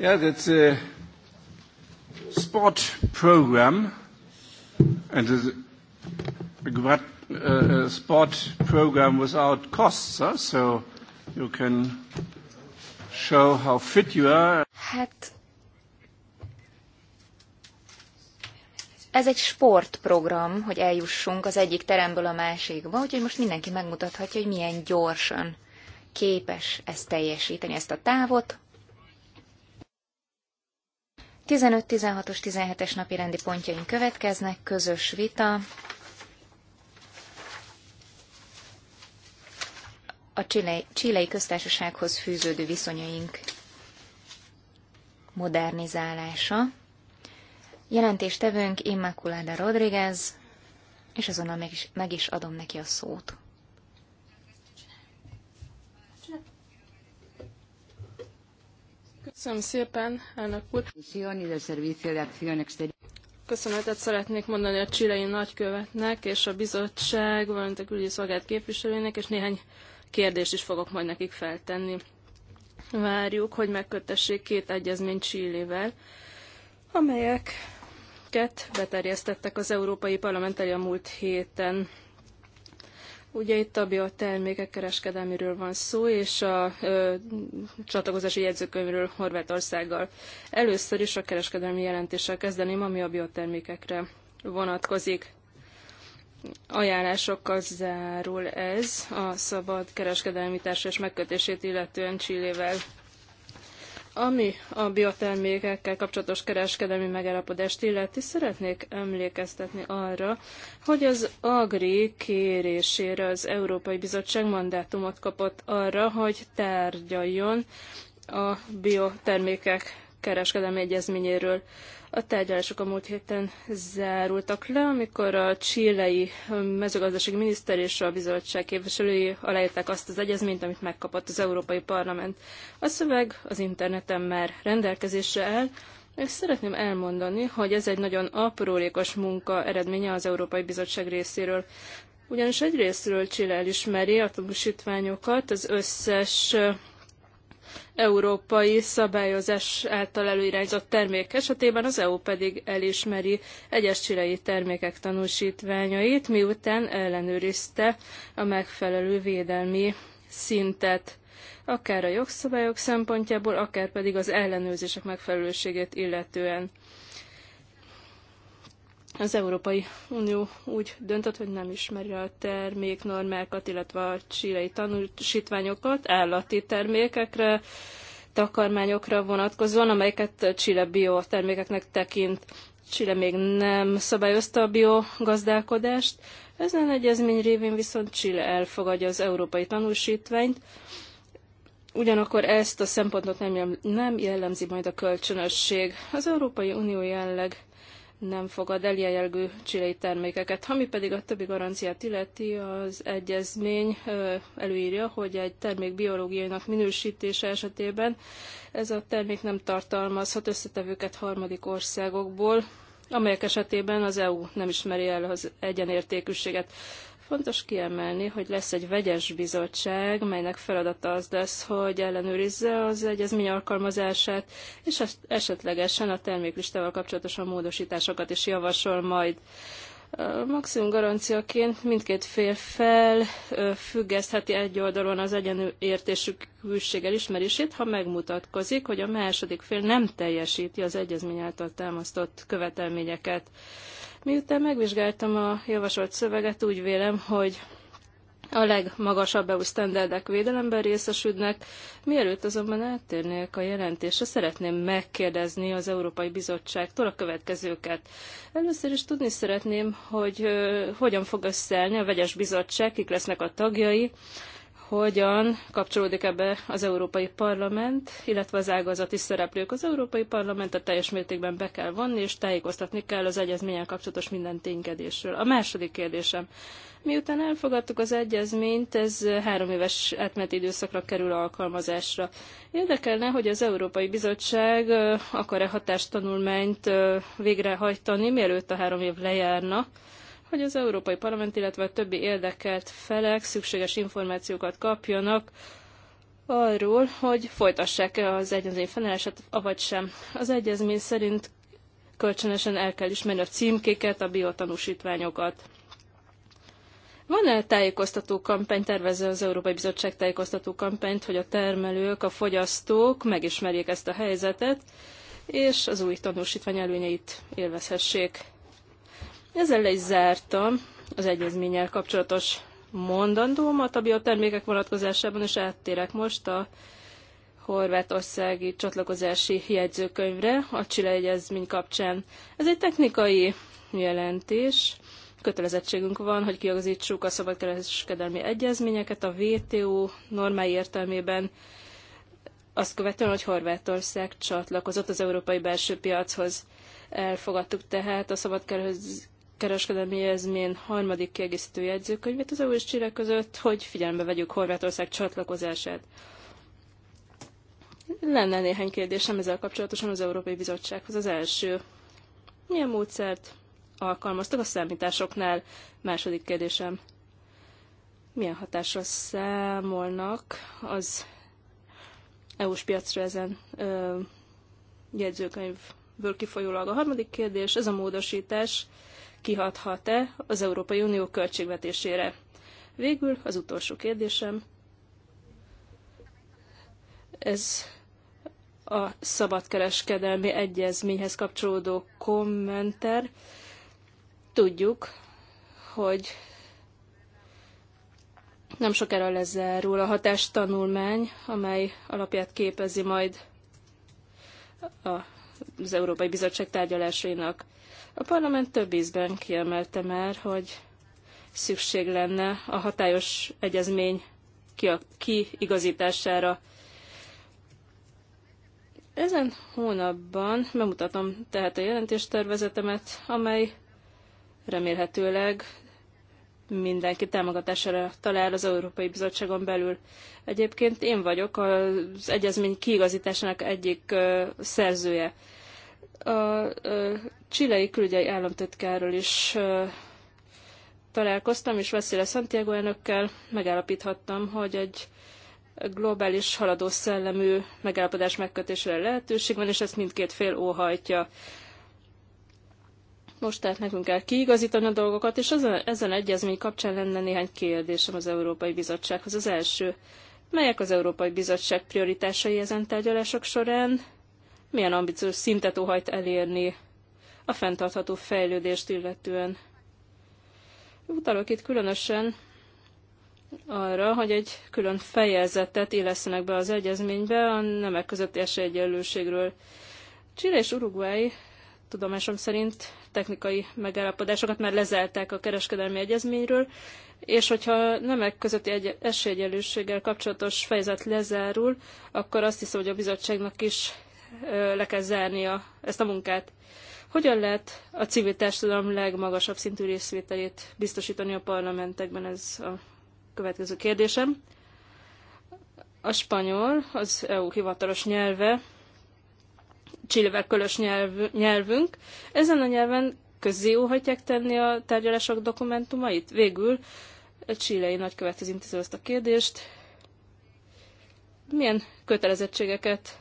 Yeah, that's a sport program and a, a sport program without costs, huh? so you can show how fit you are. Hát ez egy sportprogram, hogy eljussunk az egyik teremből a másikba, úgyhogy most mindenki megmutathatja, hogy milyen gyorsan képes ezt teljesíteni, ezt a távot. 15, 16-os, 17-es napi rendi pontjaink következnek, közös vita. A csilei, csilei köztársasághoz fűződő viszonyaink modernizálása. Jelentéstevőnk Immaculada Rodriguez, és azonnal meg is, meg is adom neki a szót. Köszönöm szépen, elnök úr. Köszönetet szeretnék mondani a csilei nagykövetnek és a bizottság, valamint a külügyi szolgált képviselőjének, és néhány kérdést is fogok majd nekik feltenni. Várjuk, hogy megkötessék két egyezményt Csillével, amelyeket beterjesztettek az Európai Parlament elé a múlt héten. Ugye itt a biotermékek kereskedelméről van szó, és a ö, csatlakozási jegyzőkönyvről Horvátországgal. Először is a kereskedelmi jelentéssel kezdeném, ami a biotermékekre vonatkozik. Ajánlásokkal zárul ez a szabad kereskedelmi társas megkötését, illetően Csillével ami a biotermékekkel kapcsolatos kereskedelmi megállapodást illeti, szeretnék emlékeztetni arra, hogy az Agri kérésére az Európai Bizottság mandátumot kapott arra, hogy tárgyaljon a biotermékek kereskedelmi egyezményéről. A tárgyalások a múlt héten zárultak le, amikor a csilei mezőgazdasági miniszter és a bizottság képviselői aláírták azt az egyezményt, amit megkapott az Európai Parlament. A szöveg az interneten már rendelkezésre áll, és szeretném elmondani, hogy ez egy nagyon aprólékos munka eredménye az Európai Bizottság részéről. Ugyanis egyrésztről Csile elismeri a tudósítványokat, az összes európai szabályozás által előirányzott termék esetében, az EU pedig elismeri egyes csirei termékek tanúsítványait, miután ellenőrizte a megfelelő védelmi szintet akár a jogszabályok szempontjából, akár pedig az ellenőrzések megfelelőségét illetően. Az Európai Unió úgy döntött, hogy nem ismeri a terméknormákat, illetve a csilei tanúsítványokat állati termékekre, takarmányokra vonatkozóan, amelyeket bio biotermékeknek tekint. Csile még nem szabályozta a biogazdálkodást. Ezen egyezmény révén viszont Csile elfogadja az európai tanúsítványt, Ugyanakkor ezt a szempontot nem, jellemzi majd a kölcsönösség. Az Európai Unió jelleg nem fogad el ilyen jelgő csilei termékeket. Ami pedig a többi garanciát illeti, az egyezmény előírja, hogy egy termék biológiainak minősítése esetében ez a termék nem tartalmazhat összetevőket harmadik országokból, amelyek esetében az EU nem ismeri el az egyenértékűséget. Fontos kiemelni, hogy lesz egy vegyes bizottság, melynek feladata az lesz, hogy ellenőrizze az egyezmény alkalmazását, és esetlegesen a terméklistával kapcsolatosan módosításokat is javasol majd. A maximum garanciaként mindkét fél fel függesztheti egy oldalon az értésük külség elismerését, ha megmutatkozik, hogy a második fél nem teljesíti az egyezmény által támasztott követelményeket. Miután megvizsgáltam a javasolt szöveget, úgy vélem, hogy a legmagasabb EU sztenderdek védelemben részesülnek. Mielőtt azonban eltérnék a jelentésre, szeretném megkérdezni az Európai Bizottságtól a következőket. Először is tudni szeretném, hogy hogyan fog összeállni a vegyes bizottság, kik lesznek a tagjai, hogyan kapcsolódik ebbe az Európai Parlament, illetve az ágazati szereplők. Az Európai Parlament? A teljes mértékben be kell vonni, és tájékoztatni kell az egyezményen kapcsolatos minden ténykedésről. A második kérdésem. Miután elfogadtuk az egyezményt, ez három éves átmeneti időszakra kerül alkalmazásra. Érdekelne, hogy az Európai Bizottság akar-e hatástanulmányt végrehajtani, mielőtt a három év lejárna, hogy az Európai Parlament, illetve a többi érdekelt felek szükséges információkat kapjanak arról, hogy folytassák-e az egyezmény feleleset, avagy sem. Az egyezmény szerint kölcsönösen el kell ismerni a címkéket, a biotanúsítványokat. Van-e tájékoztató kampány, tervező az Európai Bizottság tájékoztató kampányt, hogy a termelők, a fogyasztók megismerjék ezt a helyzetet, és az új tanúsítvány előnyeit élvezhessék? Ezzel le is zártam az egyezménnyel kapcsolatos mondandómat a biotermékek vonatkozásában, és áttérek most a horvátországi csatlakozási jegyzőkönyvre a Csile egyezmény kapcsán. Ez egy technikai jelentés. Kötelezettségünk van, hogy kiagazítsuk a szabadkereskedelmi egyezményeket a WTO normái értelmében, azt követően, hogy Horvátország csatlakozott az európai belső piachoz. Elfogadtuk tehát a kereskedelmi jelzmén harmadik kiegészítő jegyzőkönyvét az EU és Csile között, hogy figyelembe vegyük Horvátország csatlakozását. Lenne néhány kérdésem ezzel kapcsolatosan az Európai Bizottsághoz. Az első, milyen módszert alkalmaztak a számításoknál? Második kérdésem, milyen hatásra számolnak az EU-s piacra ezen ö, jegyzőkönyvből kifolyólag? A harmadik kérdés, ez a módosítás, kihathat-e az Európai Unió költségvetésére. Végül az utolsó kérdésem. Ez a szabadkereskedelmi egyezményhez kapcsolódó kommenter. Tudjuk, hogy nem sokára lezárul a hatástanulmány, amely alapját képezi majd az Európai Bizottság tárgyalásainak. A parlament több ízben kiemelte már, hogy szükség lenne a hatályos egyezmény kiigazítására. Ezen hónapban bemutatom tehát a jelentéstervezetemet, amely remélhetőleg mindenki támogatására talál az Európai Bizottságon belül. Egyébként én vagyok az egyezmény kiigazításának egyik szerzője. A csilei külügyei államtitkárral is találkoztam, és veszélye Santiago elnökkel megállapíthattam, hogy egy globális haladó szellemű megállapodás megkötésre lehetőség van, és ezt mindkét fél óhajtja. Most tehát nekünk kell kiigazítani a dolgokat, és ezen, ezen egyezmény kapcsán lenne néhány kérdésem az Európai Bizottsághoz. Az első, melyek az Európai Bizottság prioritásai ezen tárgyalások során? milyen ambiciós szintet óhajt elérni a fenntartható fejlődést illetően. Utalok itt különösen arra, hogy egy külön fejezetet illesztenek be az egyezménybe a nemek közötti esélyegyenlőségről. Csile és Uruguay tudomásom szerint technikai megállapodásokat már lezárták a kereskedelmi egyezményről, és hogyha nemek közötti egy esélyegyenlőséggel kapcsolatos fejezet lezárul, akkor azt hiszem, hogy a bizottságnak is le kell zárnia ezt a munkát. Hogyan lehet a civil társadalom legmagasabb szintű részvételét biztosítani a parlamentekben? Ez a következő kérdésem. A spanyol az EU hivatalos nyelve, Csillivel kölös nyelv, nyelvünk. Ezen a nyelven közé óhatják tenni a tárgyalások dokumentumait? Végül a csillai nagykövet az intéző ezt a kérdést. Milyen kötelezettségeket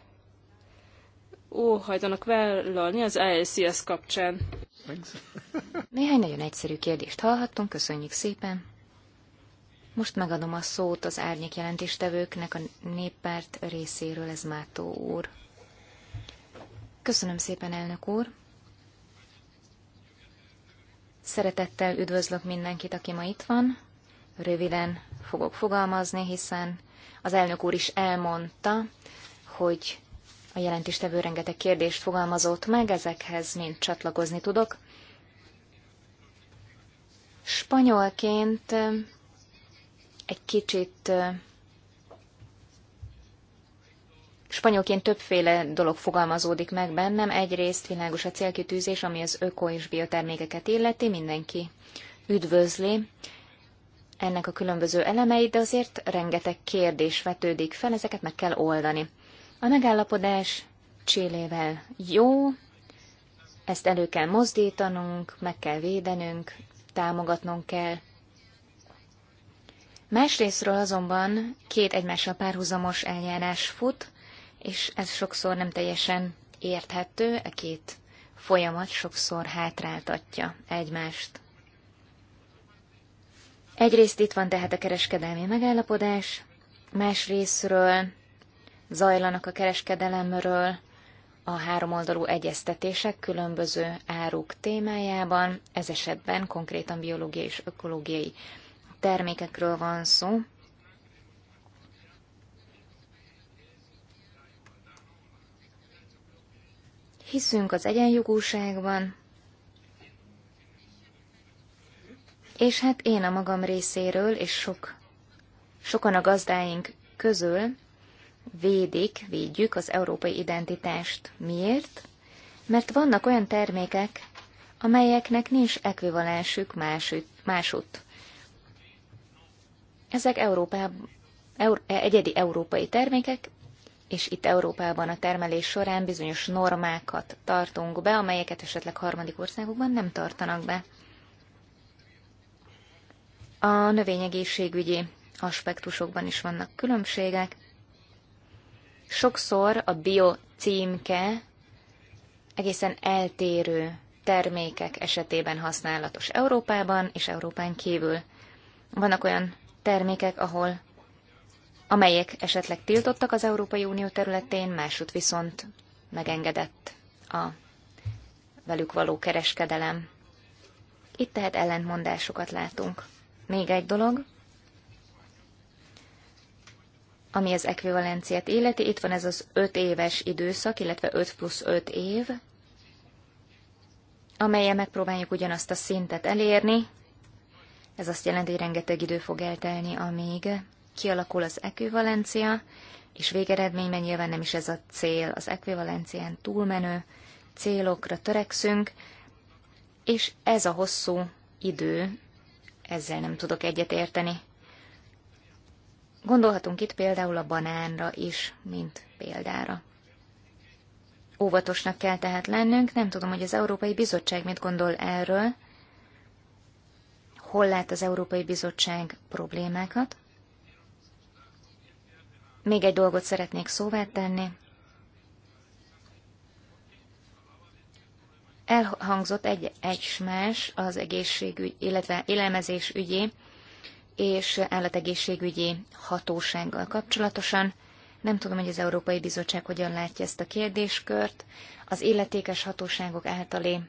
óhajtanak vállalni az ISCS kapcsán? Néhány nagyon egyszerű kérdést hallhattunk, köszönjük szépen. Most megadom a szót az árnyék jelentéstevőknek a néppárt részéről, ez Mátó úr. Köszönöm szépen, elnök úr. Szeretettel üdvözlök mindenkit, aki ma itt van. Röviden fogok fogalmazni, hiszen az elnök úr is elmondta, hogy a jelentéstevő rengeteg kérdést fogalmazott meg, ezekhez mind csatlakozni tudok. Spanyolként egy kicsit Spanyolként többféle dolog fogalmazódik meg bennem. Egyrészt világos a célkitűzés, ami az öko és biotermékeket illeti, mindenki üdvözli ennek a különböző elemeit, de azért rengeteg kérdés vetődik fel, ezeket meg kell oldani. A megállapodás Csillével jó, ezt elő kell mozdítanunk, meg kell védenünk, támogatnunk kell. Másrésztről azonban két egymással párhuzamos eljárás fut, és ez sokszor nem teljesen érthető, a e két folyamat sokszor hátráltatja egymást. Egyrészt itt van tehát a kereskedelmi megállapodás, másrésztről zajlanak a kereskedelemről, a háromoldalú egyeztetések különböző áruk témájában, ez esetben konkrétan biológiai és ökológiai termékekről van szó. Hiszünk az egyenjogúságban, és hát én a magam részéről, és sok, sokan a gazdáink közül védik, védjük az európai identitást. Miért? Mert vannak olyan termékek, amelyeknek nincs ekvivalensük másutt. Ezek Európában, e, egyedi európai termékek, és itt Európában a termelés során bizonyos normákat tartunk be, amelyeket esetleg harmadik országokban nem tartanak be. A növényegészségügyi aspektusokban is vannak különbségek. Sokszor a bio címke egészen eltérő termékek esetében használatos Európában és Európán kívül. Vannak olyan termékek, ahol amelyek esetleg tiltottak az Európai Unió területén, másút viszont megengedett a velük való kereskedelem. Itt tehát ellentmondásokat látunk. Még egy dolog, ami az ekvivalenciát illeti. Itt van ez az 5 éves időszak, illetve 5 plusz 5 év, amelyen megpróbáljuk ugyanazt a szintet elérni. Ez azt jelenti, hogy rengeteg idő fog eltelni, amíg kialakul az ekvivalencia, és végeredményben nyilván nem is ez a cél, az ekvivalencián túlmenő célokra törekszünk, és ez a hosszú idő, ezzel nem tudok egyet érteni. Gondolhatunk itt például a banánra is, mint példára. Óvatosnak kell tehát lennünk, nem tudom, hogy az Európai Bizottság mit gondol erről, hol lát az Európai Bizottság problémákat. Még egy dolgot szeretnék szóvá tenni. Elhangzott egy más az egészségügy, illetve élelmezés ügyé és állategészségügyi hatósággal kapcsolatosan. Nem tudom, hogy az Európai Bizottság hogyan látja ezt a kérdéskört. Az illetékes hatóságok általi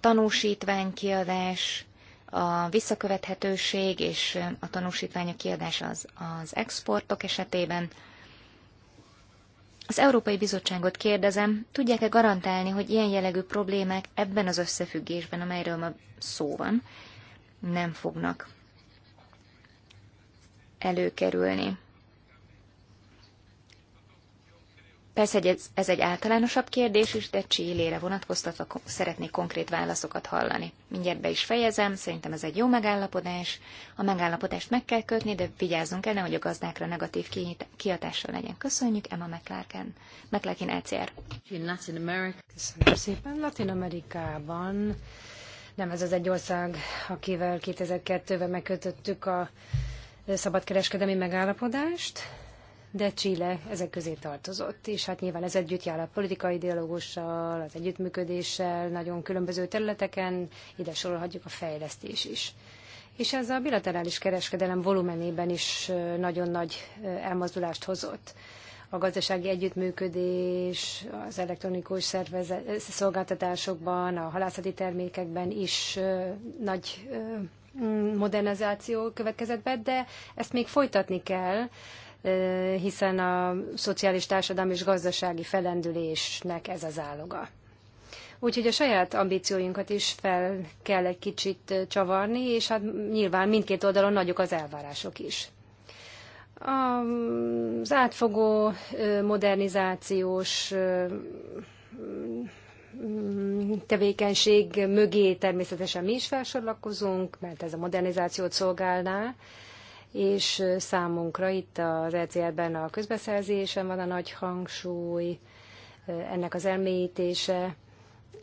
tanúsítványkiadás, a visszakövethetőség és a tanúsítványok kiadás az, az exportok esetében. Az Európai Bizottságot kérdezem, tudják-e garantálni, hogy ilyen jellegű problémák ebben az összefüggésben, amelyről ma szó van, nem fognak előkerülni. Persze ez egy általánosabb kérdés is, de Csillére vonatkoztatva szeretnék konkrét válaszokat hallani. Mindjárt be is fejezem, szerintem ez egy jó megállapodás. A megállapodást meg kell kötni, de vigyázzunk el, hogy a gazdákra negatív kihatással legyen. Köszönjük, Emma McLarken, McLarken ECR. Köszönöm szépen. Latin Amerikában nem ez az egy ország, akivel 2002-ben megkötöttük a szabadkereskedelmi megállapodást, de Chile ezek közé tartozott, és hát nyilván ez együtt jár a politikai dialógussal, az együttműködéssel, nagyon különböző területeken, ide sorolhatjuk a fejlesztés is. És ez a bilaterális kereskedelem volumenében is nagyon nagy elmozdulást hozott a gazdasági együttműködés az elektronikus szervezet, szolgáltatásokban, a halászati termékekben is nagy modernizáció következett be, de ezt még folytatni kell, hiszen a szociális társadalmi és gazdasági felendülésnek ez az áloga. Úgyhogy a saját ambícióinkat is fel kell egy kicsit csavarni, és hát nyilván mindkét oldalon nagyok az elvárások is. A az átfogó modernizációs tevékenység mögé természetesen mi is felsorlakozunk, mert ez a modernizációt szolgálná, és számunkra itt az ECR-ben a közbeszerzésen van a nagy hangsúly, ennek az elmélyítése,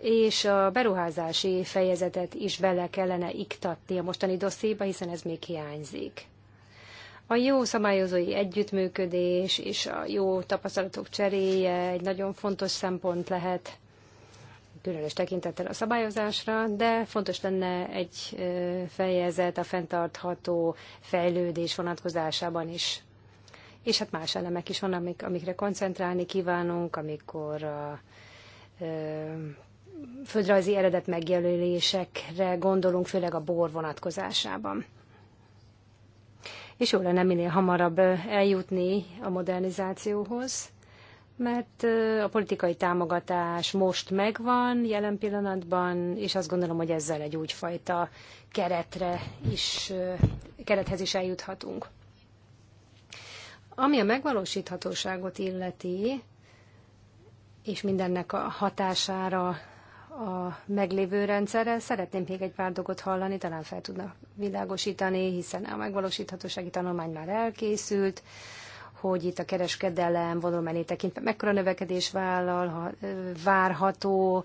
és a beruházási fejezetet is bele kellene iktatni a mostani dosszéba, hiszen ez még hiányzik. A jó szabályozói együttműködés és a jó tapasztalatok cseréje egy nagyon fontos szempont lehet, különös tekintettel a szabályozásra, de fontos lenne egy fejezet a fenntartható fejlődés vonatkozásában is. És hát más elemek is van, amik, amikre koncentrálni kívánunk, amikor a, ö, földrajzi eredet megjelölésekre gondolunk, főleg a bor vonatkozásában és jó lenne minél hamarabb eljutni a modernizációhoz, mert a politikai támogatás most megvan jelen pillanatban, és azt gondolom, hogy ezzel egy újfajta keretre is, kerethez is eljuthatunk. Ami a megvalósíthatóságot illeti, és mindennek a hatására a meglévő rendszerrel. Szeretném még egy pár dolgot hallani, talán fel tudna világosítani, hiszen a megvalósíthatósági tanulmány már elkészült, hogy itt a kereskedelem vonulmányé tekintve mekkora növekedés vállal, ha, várható,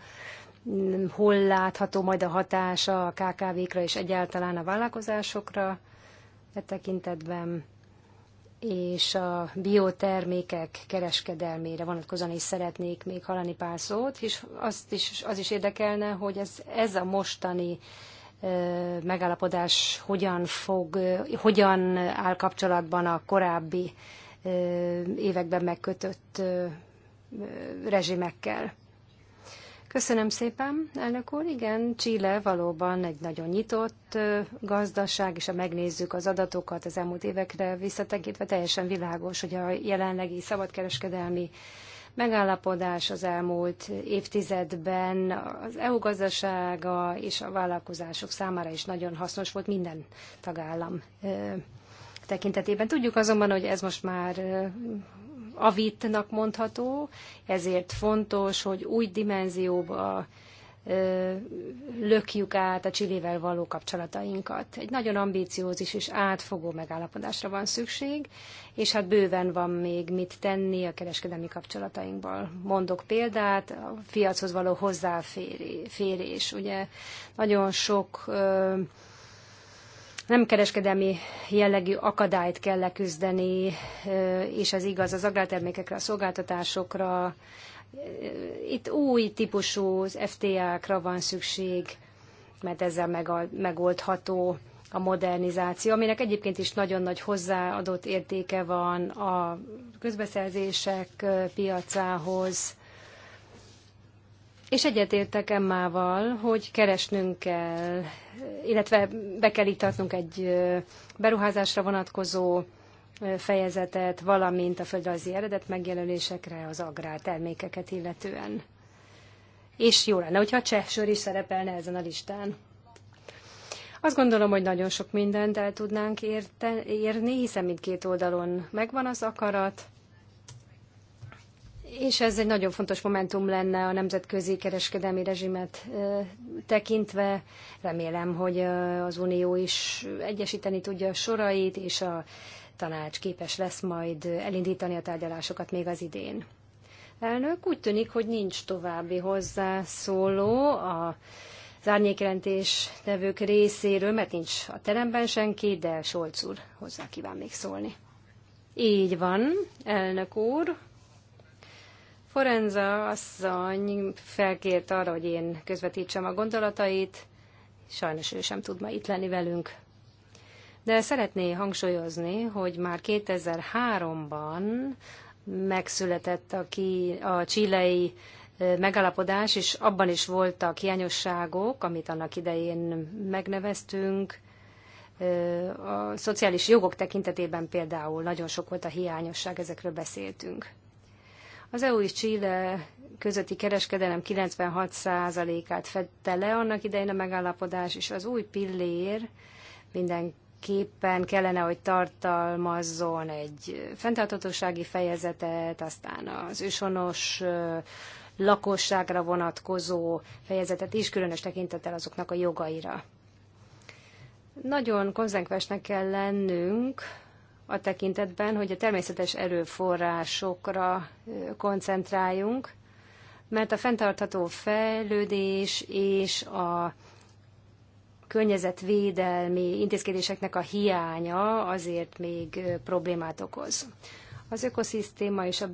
hol látható majd a hatása a KKV-kra és egyáltalán a vállalkozásokra e tekintetben és a biotermékek kereskedelmére vonatkozóan is szeretnék még hallani pár szót, és azt is, az is érdekelne, hogy ez, ez a mostani megállapodás hogyan fog, hogyan áll kapcsolatban a korábbi években megkötött rezsimekkel. Köszönöm szépen, elnök úr. Igen, Chile valóban egy nagyon nyitott gazdaság, és ha megnézzük az adatokat az elmúlt évekre visszatekintve, teljesen világos, hogy a jelenlegi szabadkereskedelmi megállapodás az elmúlt évtizedben az EU gazdasága és a vállalkozások számára is nagyon hasznos volt minden tagállam tekintetében. Tudjuk azonban, hogy ez most már avitnak mondható, ezért fontos, hogy új dimenzióba lökjük át a Csillével való kapcsolatainkat. Egy nagyon ambíciózis és átfogó megállapodásra van szükség, és hát bőven van még mit tenni a kereskedelmi kapcsolatainkból. Mondok példát, a fiachoz való hozzáférés. Ugye nagyon sok nem kereskedelmi jellegű akadályt kell leküzdeni, és ez igaz az agrártermékekre, a szolgáltatásokra. Itt új típusú FTA-kra van szükség, mert ezzel megoldható a modernizáció, aminek egyébként is nagyon nagy hozzáadott értéke van a közbeszerzések piacához. És egyetértek Emmával, hogy keresnünk kell illetve be kell iktatnunk egy beruházásra vonatkozó fejezetet, valamint a földrajzi eredet megjelölésekre az agrártermékeket illetően. És jó lenne, hogyha a cseh sör is szerepelne ezen a listán. Azt gondolom, hogy nagyon sok mindent el tudnánk érte, érni, hiszen mindkét oldalon megvan az akarat, és ez egy nagyon fontos momentum lenne a nemzetközi kereskedelmi rezsimet tekintve. Remélem, hogy az Unió is egyesíteni tudja a sorait, és a tanács képes lesz majd elindítani a tárgyalásokat még az idén. Elnök, úgy tűnik, hogy nincs további hozzászóló a az árnyékjelentés részéről, mert nincs a teremben senki, de Solc úr hozzá kíván még szólni. Így van, elnök úr. Forenza asszony felkért arra, hogy én közvetítsem a gondolatait, sajnos ő sem tud ma itt lenni velünk. De szeretné hangsúlyozni, hogy már 2003-ban megszületett a, ki, a csilei megállapodás, és abban is voltak hiányosságok, amit annak idején megneveztünk. A szociális jogok tekintetében például nagyon sok volt a hiányosság, ezekről beszéltünk. Az EU és Chile közötti kereskedelem 96%-át fedte le annak idején a megállapodás, és az új pillér mindenképpen kellene, hogy tartalmazzon egy fenntarthatósági fejezetet, aztán az ősonos lakosságra vonatkozó fejezetet is, különös tekintettel azoknak a jogaira. Nagyon konzekvensnek kell lennünk a tekintetben, hogy a természetes erőforrásokra koncentráljunk, mert a fenntartható fejlődés és a környezetvédelmi intézkedéseknek a hiánya azért még problémát okoz. Az ökoszisztéma és a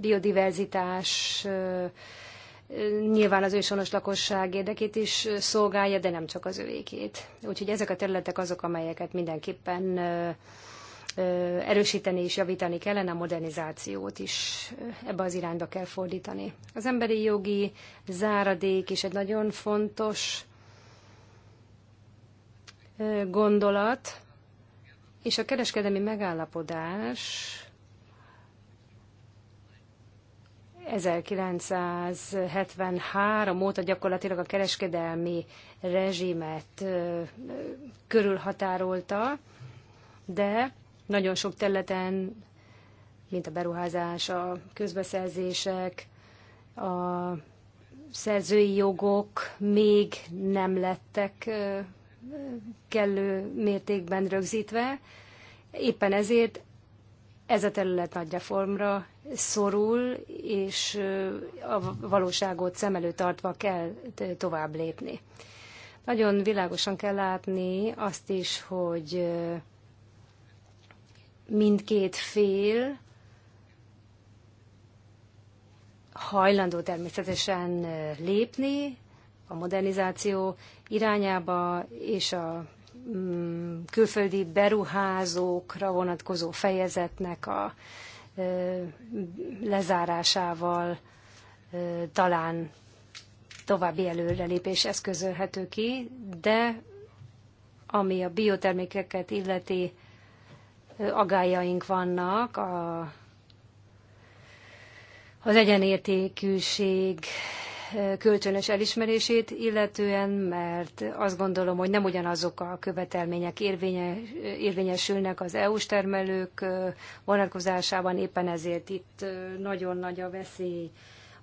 biodiverzitás nyilván az őshonos lakosság érdekét is szolgálja, de nem csak az övékét. Úgyhogy ezek a területek azok, amelyeket mindenképpen erősíteni és javítani kellene, a modernizációt is ebbe az irányba kell fordítani. Az emberi jogi záradék is egy nagyon fontos gondolat, és a kereskedelmi megállapodás 1973 óta gyakorlatilag a kereskedelmi rezsimet körülhatárolta, de nagyon sok területen, mint a beruházás, a közbeszerzések, a szerzői jogok még nem lettek kellő mértékben rögzítve. Éppen ezért ez a terület nagy reformra szorul, és a valóságot szem előtt tartva kell tovább lépni. Nagyon világosan kell látni azt is, hogy mindkét fél hajlandó természetesen lépni a modernizáció irányába, és a mm, külföldi beruházókra vonatkozó fejezetnek a lezárásával talán további előrelépés eszközölhető ki, de ami a biotermékeket illeti agályaink vannak, a, az egyenértékűség kölcsönös elismerését illetően, mert azt gondolom, hogy nem ugyanazok a követelmények érvényesülnek az EU-s termelők vonatkozásában, éppen ezért itt nagyon nagy a veszély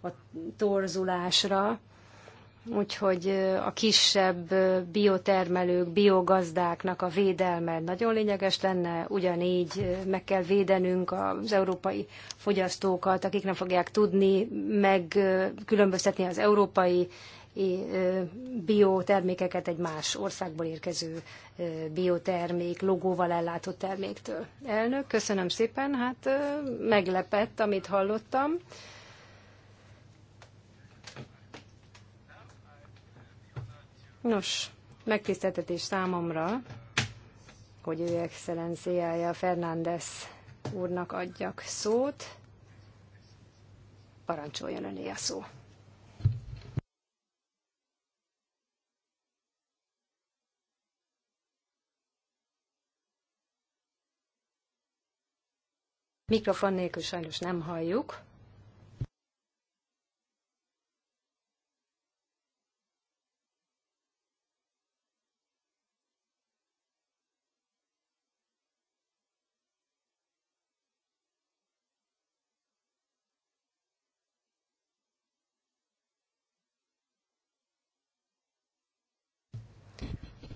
a torzulásra Úgyhogy a kisebb biotermelők, biogazdáknak a védelme nagyon lényeges lenne, ugyanígy meg kell védenünk az európai fogyasztókat, akik nem fogják tudni megkülönböztetni az európai biotermékeket egy más országból érkező biotermék, logóval ellátott terméktől. Elnök, köszönöm szépen, hát meglepett, amit hallottam. Nos, megtiszteltetés számomra, hogy ő excellenciája Fernández úrnak adjak szót. Parancsoljon öné a szó. Mikrofon nélkül sajnos nem halljuk.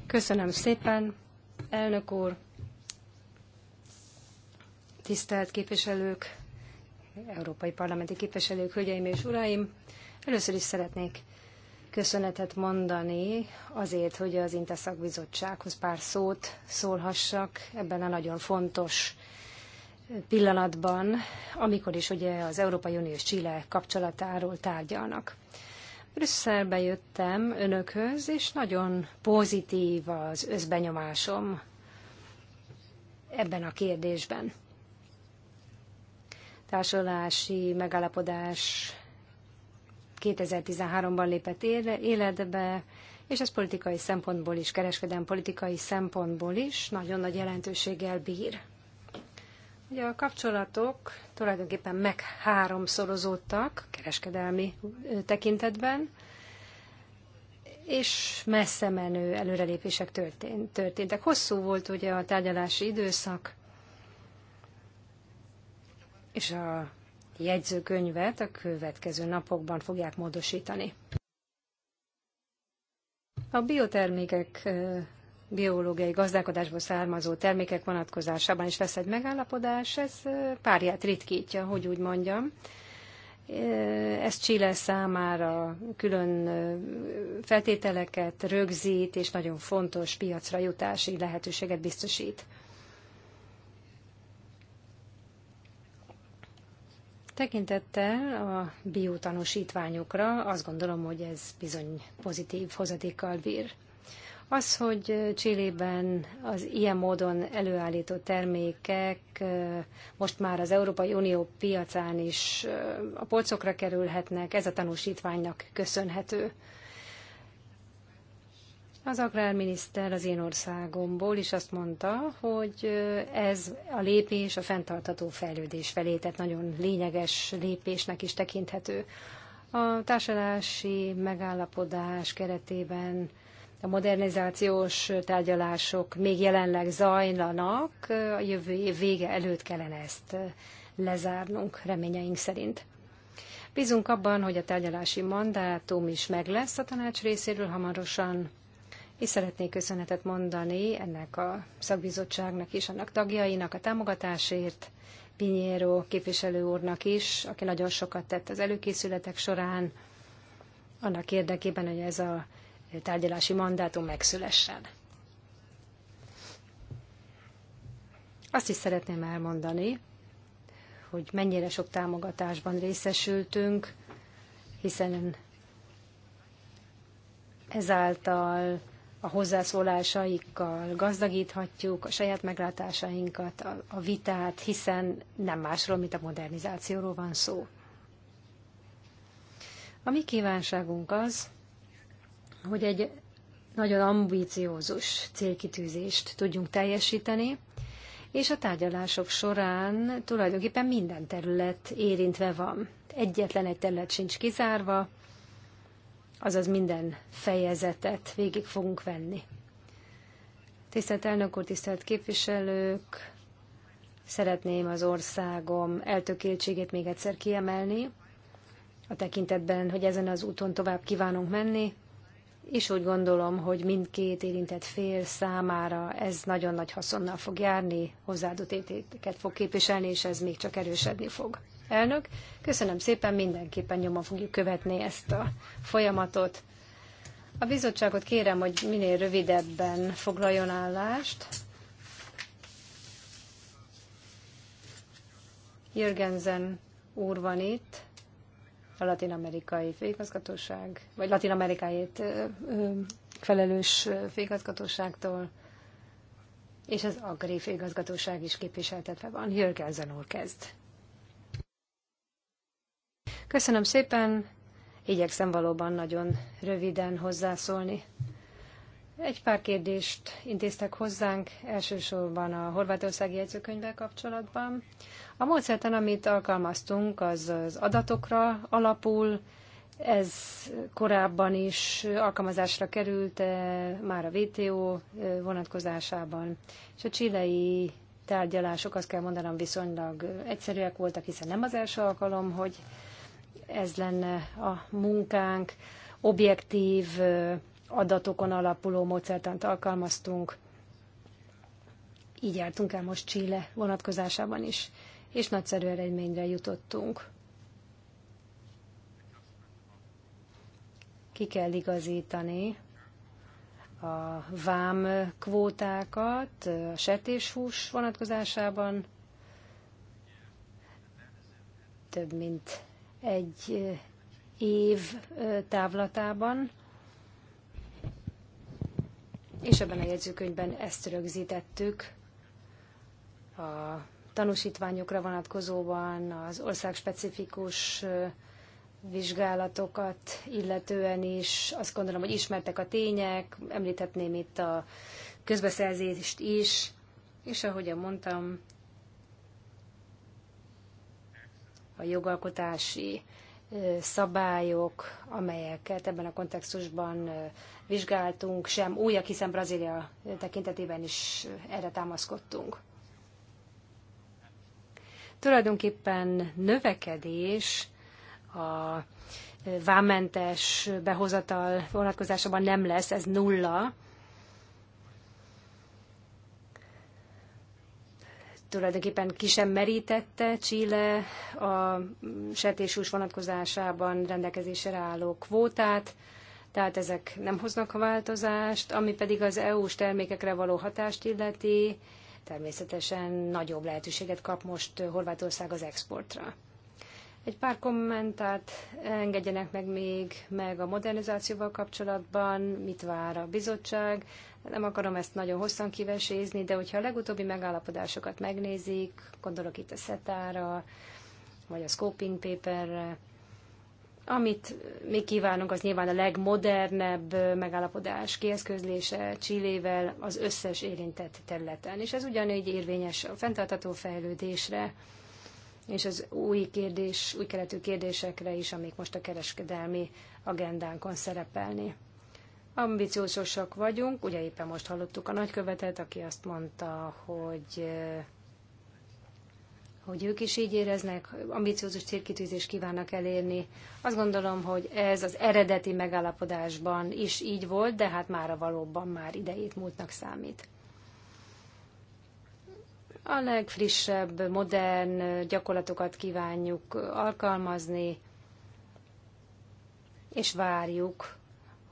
Köszönöm szépen, elnök úr, tisztelt képviselők, európai parlamenti képviselők, hölgyeim és uraim! Először is szeretnék köszönetet mondani azért, hogy az Inteszak Bizottsághoz pár szót szólhassak ebben a nagyon fontos pillanatban, amikor is ugye az Európai Unió és Chile kapcsolatáról tárgyalnak. Brüsszelbe jöttem önökhöz, és nagyon pozitív az összbenyomásom ebben a kérdésben. Társulási megállapodás 2013-ban lépett életbe, és ez politikai szempontból is, kereskedelmi politikai szempontból is nagyon nagy jelentőséggel bír. Ugye a kapcsolatok tulajdonképpen meg háromszorozódtak kereskedelmi tekintetben, és messze menő előrelépések történt, történtek. Hosszú volt ugye a tárgyalási időszak, és a jegyzőkönyvet a következő napokban fogják módosítani. A biotermékek biológiai gazdálkodásból származó termékek vonatkozásában is lesz egy megállapodás, ez párját ritkítja, hogy úgy mondjam. Ez Chile számára külön feltételeket rögzít, és nagyon fontos piacra jutási lehetőséget biztosít. Tekintettel a biotanúsítványokra azt gondolom, hogy ez bizony pozitív hozadékkal bír. Az, hogy Csillében az ilyen módon előállított termékek most már az Európai Unió piacán is a polcokra kerülhetnek, ez a tanúsítványnak köszönhető. Az agrárminiszter az én országomból is azt mondta, hogy ez a lépés a fenntartható fejlődés felé, tehát nagyon lényeges lépésnek is tekinthető. A társadalási megállapodás keretében a modernizációs tárgyalások még jelenleg zajlanak, a jövő év vége előtt kellene ezt lezárnunk reményeink szerint. Bízunk abban, hogy a tárgyalási mandátum is meg lesz a tanács részéről hamarosan, és szeretnék köszönetet mondani ennek a szakbizottságnak is, annak tagjainak a támogatásért, Pinheiro képviselő úrnak is, aki nagyon sokat tett az előkészületek során, annak érdekében, hogy ez a tárgyalási mandátum megszülessen. Azt is szeretném elmondani, hogy mennyire sok támogatásban részesültünk, hiszen ezáltal a hozzászólásaikkal gazdagíthatjuk a saját meglátásainkat, a, a vitát, hiszen nem másról, mint a modernizációról van szó. A mi kívánságunk az, hogy egy nagyon ambíciózus célkitűzést tudjunk teljesíteni, és a tárgyalások során tulajdonképpen minden terület érintve van. Egyetlen egy terület sincs kizárva, azaz minden fejezetet végig fogunk venni. Tisztelt elnök úr, tisztelt képviselők, szeretném az országom eltökéltségét még egyszer kiemelni, a tekintetben, hogy ezen az úton tovább kívánunk menni, és úgy gondolom, hogy mindkét érintett fél számára ez nagyon nagy haszonnal fog járni, hozzáadott értéket fog képviselni, és ez még csak erősödni fog. Elnök, köszönöm szépen, mindenképpen nyomon fogjuk követni ezt a folyamatot. A bizottságot kérem, hogy minél rövidebben foglaljon állást. Jörgenzen úr van itt, a latin-amerikai főigazgatóság, vagy latin-amerikáért felelős főigazgatóságtól, és az Agri főigazgatóság is képviseltetve van. Jörgelzen úr kezd. Köszönöm szépen, igyekszem valóban nagyon röviden hozzászólni. Egy pár kérdést intéztek hozzánk, elsősorban a horvátországi jegyzőkönyvvel kapcsolatban. A módszertan, amit alkalmaztunk, az az adatokra alapul, ez korábban is alkalmazásra került e, már a VTO e, vonatkozásában, és a csilei tárgyalások, azt kell mondanom, viszonylag egyszerűek voltak, hiszen nem az első alkalom, hogy ez lenne a munkánk, objektív e, adatokon alapuló módszertant alkalmaztunk. Így jártunk el most Chile vonatkozásában is, és nagyszerű eredményre jutottunk. Ki kell igazítani a vám kvótákat a sertéshús vonatkozásában. Több mint egy év távlatában és ebben a jegyzőkönyvben ezt rögzítettük a tanúsítványokra vonatkozóban, az országspecifikus vizsgálatokat illetően is. Azt gondolom, hogy ismertek a tények, említhetném itt a közbeszerzést is, és ahogyan mondtam, a jogalkotási szabályok, amelyeket ebben a kontextusban vizsgáltunk, sem újak, hiszen Brazília tekintetében is erre támaszkodtunk. Tulajdonképpen növekedés a vámmentes behozatal vonatkozásában nem lesz, ez nulla, tulajdonképpen ki sem merítette Chile a sertéshús vonatkozásában rendelkezésre álló kvótát, tehát ezek nem hoznak a változást, ami pedig az EU-s termékekre való hatást illeti, természetesen nagyobb lehetőséget kap most Horvátország az exportra. Egy pár kommentát engedjenek meg még meg a modernizációval kapcsolatban, mit vár a bizottság. Nem akarom ezt nagyon hosszan kivesézni, de hogyha a legutóbbi megállapodásokat megnézik, gondolok itt a SETA-ra, vagy a scoping paperre, amit mi kívánunk, az nyilván a legmodernebb megállapodás kieszközlése Csillével az összes érintett területen. És ez ugyanígy érvényes a fenntartató fejlődésre, és az új kérdés, új keletű kérdésekre is, amik most a kereskedelmi agendánkon szerepelni. Ambiciózusak vagyunk, ugye éppen most hallottuk a nagykövetet, aki azt mondta, hogy hogy ők is így éreznek, ambiciózus célkitűzést kívánnak elérni. Azt gondolom, hogy ez az eredeti megállapodásban is így volt, de hát a valóban már idejét múltnak számít. A legfrissebb, modern gyakorlatokat kívánjuk alkalmazni, és várjuk,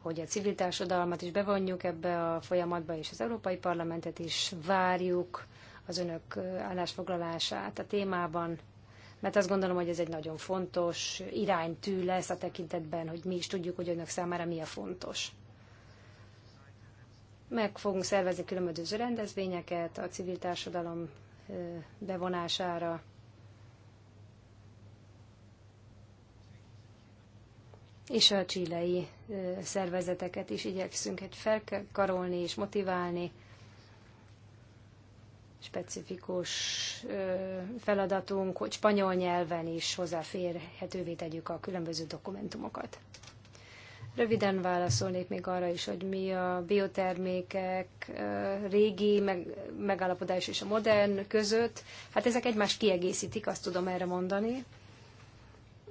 hogy a civil társadalmat is bevonjuk ebbe a folyamatba, és az Európai Parlamentet is várjuk az önök állásfoglalását a témában, mert azt gondolom, hogy ez egy nagyon fontos iránytű lesz a tekintetben, hogy mi is tudjuk, hogy önök számára mi a fontos. Meg fogunk szervezni különböző rendezvényeket a civil társadalom bevonására. És a csilei szervezeteket is igyekszünk egy felkarolni és motiválni specifikus feladatunk, hogy spanyol nyelven is hozzáférhetővé tegyük a különböző dokumentumokat. Röviden válaszolnék még arra is, hogy mi a biotermékek régi megállapodás és a modern között. Hát ezek egymást kiegészítik, azt tudom erre mondani.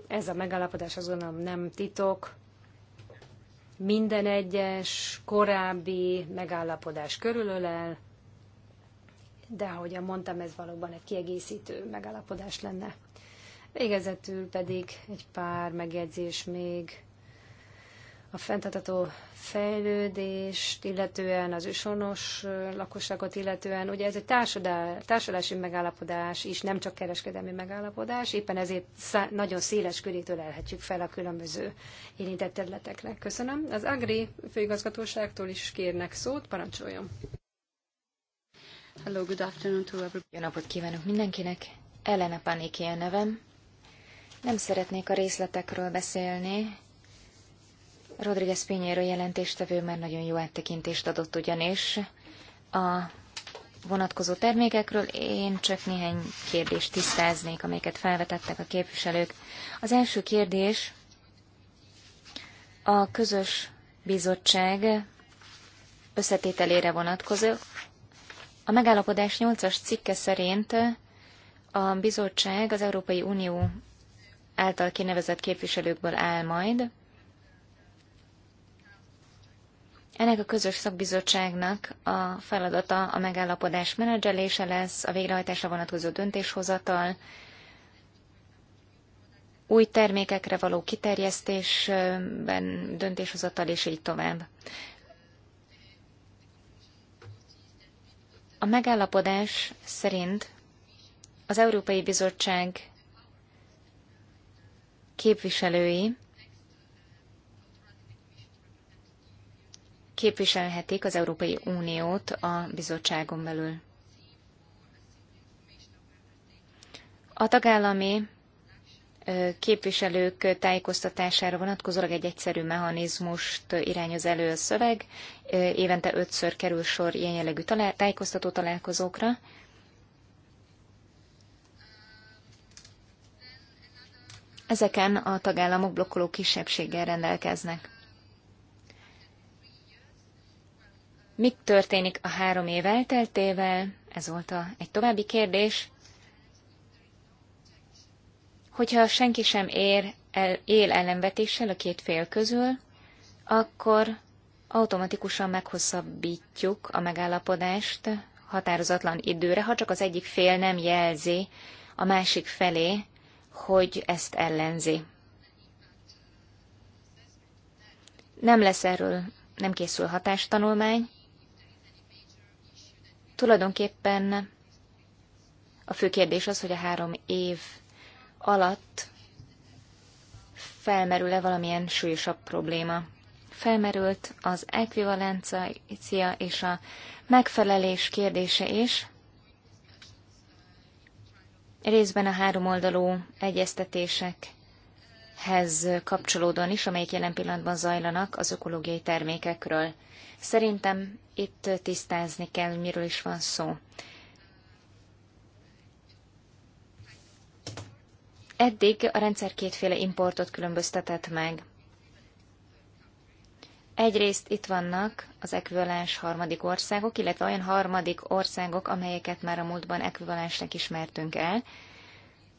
Ez a megállapodás azon nem titok. Minden egyes korábbi megállapodás körülölel, de ahogyan mondtam, ez valóban egy kiegészítő megállapodás lenne. Végezetül pedig egy pár megjegyzés még a fenntartató fejlődést, illetően az őshonos lakosságot, illetően ugye ez egy társadal társadalási megállapodás is, nem csak kereskedelmi megállapodás, éppen ezért nagyon széles körétől elhetjük fel a különböző érintett területeknek. Köszönöm. Az Agri főigazgatóságtól is kérnek szót, parancsoljon. Hello, good afternoon to everybody. Jó napot kívánok mindenkinek. Elena Paniki a nevem. Nem szeretnék a részletekről beszélni, Rodriguez Pinheiro jelentéstevő már nagyon jó áttekintést adott ugyanis a vonatkozó termékekről. Én csak néhány kérdést tisztáznék, amelyeket felvetettek a képviselők. Az első kérdés a közös bizottság összetételére vonatkozik. A megállapodás 8-as cikke szerint a bizottság az Európai Unió által kinevezett képviselőkből áll majd, Ennek a közös szakbizottságnak a feladata a megállapodás menedzselése lesz, a végrehajtásra vonatkozó döntéshozatal, új termékekre való kiterjesztésben döntéshozatal, és így tovább. A megállapodás szerint az Európai Bizottság képviselői képviselhetik az Európai Uniót a bizottságon belül. A tagállami képviselők tájékoztatására vonatkozólag egy egyszerű mechanizmust irányoz elő a szöveg. Évente ötször kerül sor ilyen jellegű tájékoztató találkozókra. Ezeken a tagállamok blokkoló kisebbséggel rendelkeznek. Mi történik a három év elteltével? Ez volt a, egy további kérdés. Hogyha senki sem ér el, él ellenvetéssel a két fél közül, akkor automatikusan meghosszabbítjuk a megállapodást határozatlan időre, ha csak az egyik fél nem jelzi a másik felé, hogy ezt ellenzi. Nem lesz erről, nem készül hatástanulmány, Tulajdonképpen a fő kérdés az, hogy a három év alatt felmerül-e valamilyen súlyosabb probléma. Felmerült az ekvivalencia és a megfelelés kérdése is. Részben a háromoldalú egyeztetésekhez kapcsolódóan is, amelyek jelen pillanatban zajlanak az ökológiai termékekről. Szerintem itt tisztázni kell, hogy miről is van szó. Eddig a rendszer kétféle importot különböztetett meg. Egyrészt itt vannak az ekvivalens harmadik országok, illetve olyan harmadik országok, amelyeket már a múltban ekvivalensnek ismertünk el,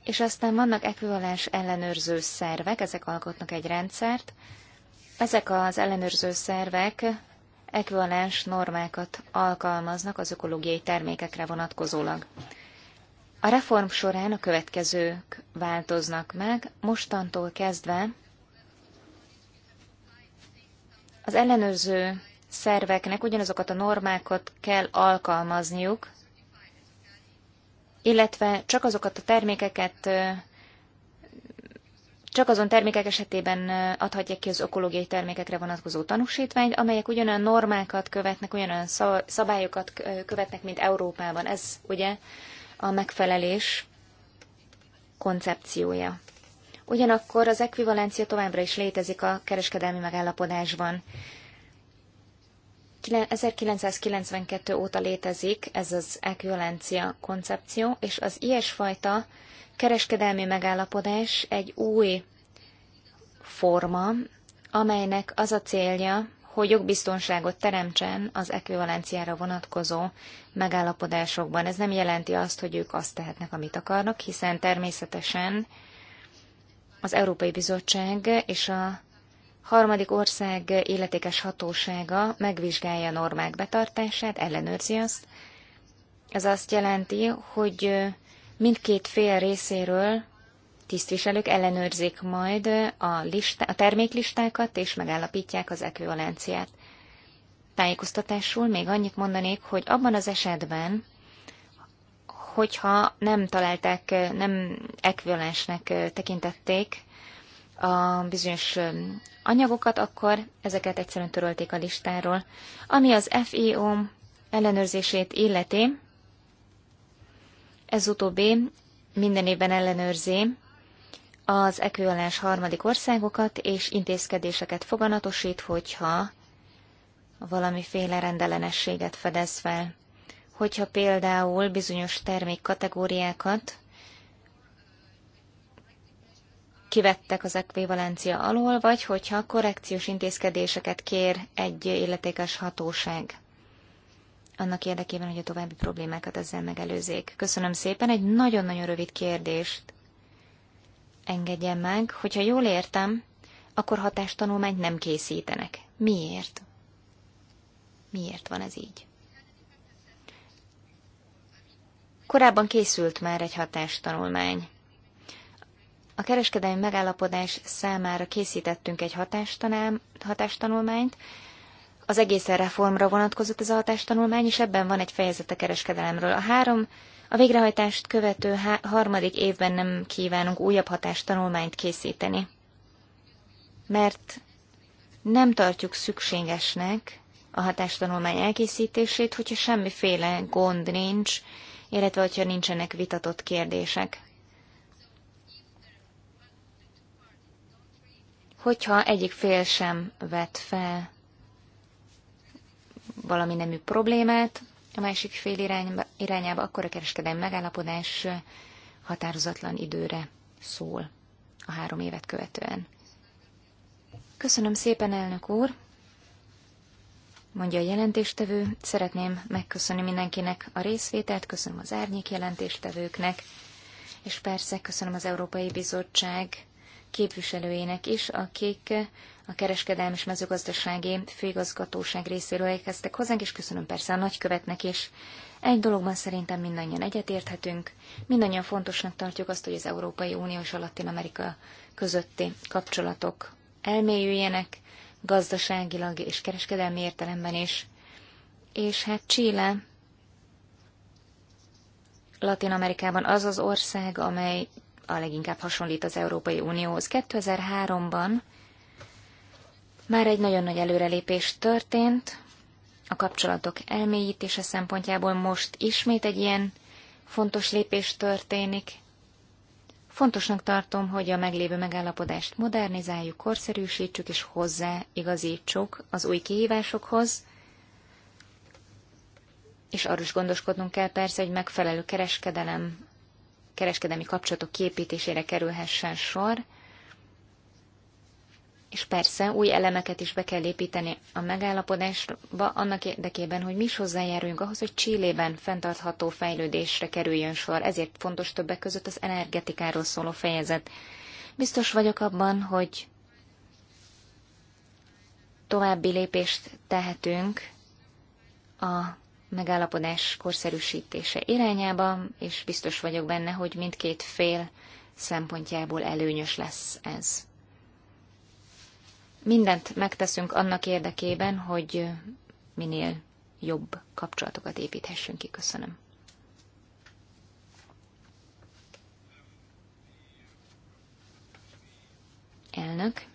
és aztán vannak ekvivalens ellenőrző szervek, ezek alkotnak egy rendszert. Ezek az ellenőrző szervek ekvivalens normákat alkalmaznak az ökológiai termékekre vonatkozólag. A reform során a következők változnak meg, mostantól kezdve az ellenőrző szerveknek ugyanazokat a normákat kell alkalmazniuk, illetve csak azokat a termékeket csak azon termékek esetében adhatják ki az ökológiai termékekre vonatkozó tanúsítványt, amelyek ugyanolyan normákat követnek, ugyanolyan szabályokat követnek, mint Európában. Ez ugye a megfelelés koncepciója. Ugyanakkor az ekvivalencia továbbra is létezik a kereskedelmi megállapodásban. 1992 óta létezik ez az ekvivalencia koncepció, és az ilyesfajta kereskedelmi megállapodás egy új forma, amelynek az a célja, hogy jogbiztonságot teremtsen az ekvivalenciára vonatkozó megállapodásokban. Ez nem jelenti azt, hogy ők azt tehetnek, amit akarnak, hiszen természetesen az Európai Bizottság és a harmadik ország életékes hatósága megvizsgálja a normák betartását, ellenőrzi azt. Ez azt jelenti, hogy Mindkét fél részéről tisztviselők ellenőrzik majd a, listá- a terméklistákat, és megállapítják az ekvivalenciát. Tájékoztatásul még annyit mondanék, hogy abban az esetben, hogyha nem találták, nem ekvivalensnek tekintették a bizonyos anyagokat, akkor ezeket egyszerűen törölték a listáról. Ami az FIO ellenőrzését illeti, ez utóbbi minden évben ellenőrzi az ekvivalens harmadik országokat, és intézkedéseket foganatosít, hogyha valamiféle rendellenességet fedez fel. Hogyha például bizonyos termékkategóriákat kivettek az ekvivalencia alól, vagy hogyha korrekciós intézkedéseket kér egy illetékes hatóság annak érdekében, hogy a további problémákat ezzel megelőzzék. Köszönöm szépen, egy nagyon-nagyon rövid kérdést engedjen meg, hogyha jól értem, akkor hatástanulmányt nem készítenek. Miért? Miért van ez így? Korábban készült már egy hatástanulmány. A kereskedelmi megállapodás számára készítettünk egy hatástanulmányt, az egészen reformra vonatkozott ez a hatástanulmány, és ebben van egy fejezet a kereskedelemről. A három a végrehajtást követő há- harmadik évben nem kívánunk újabb hatástanulmányt készíteni, mert nem tartjuk szükségesnek a hatástanulmány elkészítését, hogyha semmiféle gond nincs, illetve hogyha nincsenek vitatott kérdések. Hogyha egyik fél sem vet fel valami nemű problémát a másik fél irányba, irányába, akkor a kereskedelmi megállapodás határozatlan időre szól a három évet követően. Köszönöm szépen, elnök úr! mondja a jelentéstevő. Szeretném megköszönni mindenkinek a részvételt, köszönöm az árnyék jelentéstevőknek, és persze köszönöm az Európai Bizottság képviselőjének is, akik a Kereskedelmi és Mezőgazdasági Főigazgatóság részéről érkeztek hozzánk, és köszönöm persze a nagykövetnek is. Egy dologban szerintem mindannyian egyetérthetünk, mindannyian fontosnak tartjuk azt, hogy az Európai Unió és a Latin Amerika közötti kapcsolatok elmélyüljenek, gazdaságilag és kereskedelmi értelemben is. És hát Chile Latin Amerikában az az ország, amely a leginkább hasonlít az Európai Unióhoz. 2003-ban már egy nagyon nagy előrelépés történt, a kapcsolatok elmélyítése szempontjából most ismét egy ilyen fontos lépés történik. Fontosnak tartom, hogy a meglévő megállapodást modernizáljuk, korszerűsítsük és hozzáigazítsuk az új kihívásokhoz, és arra is gondoskodnunk kell persze, hogy megfelelő kereskedelem kereskedelmi kapcsolatok kiépítésére kerülhessen sor, és persze új elemeket is be kell építeni a megállapodásba annak érdekében, hogy mi is hozzájáruljunk ahhoz, hogy Csillében fenntartható fejlődésre kerüljön sor. Ezért fontos többek között az energetikáról szóló fejezet. Biztos vagyok abban, hogy további lépést tehetünk a megállapodás korszerűsítése irányába, és biztos vagyok benne, hogy mindkét fél szempontjából előnyös lesz ez. Mindent megteszünk annak érdekében, hogy minél jobb kapcsolatokat építhessünk ki. Köszönöm. Elnök.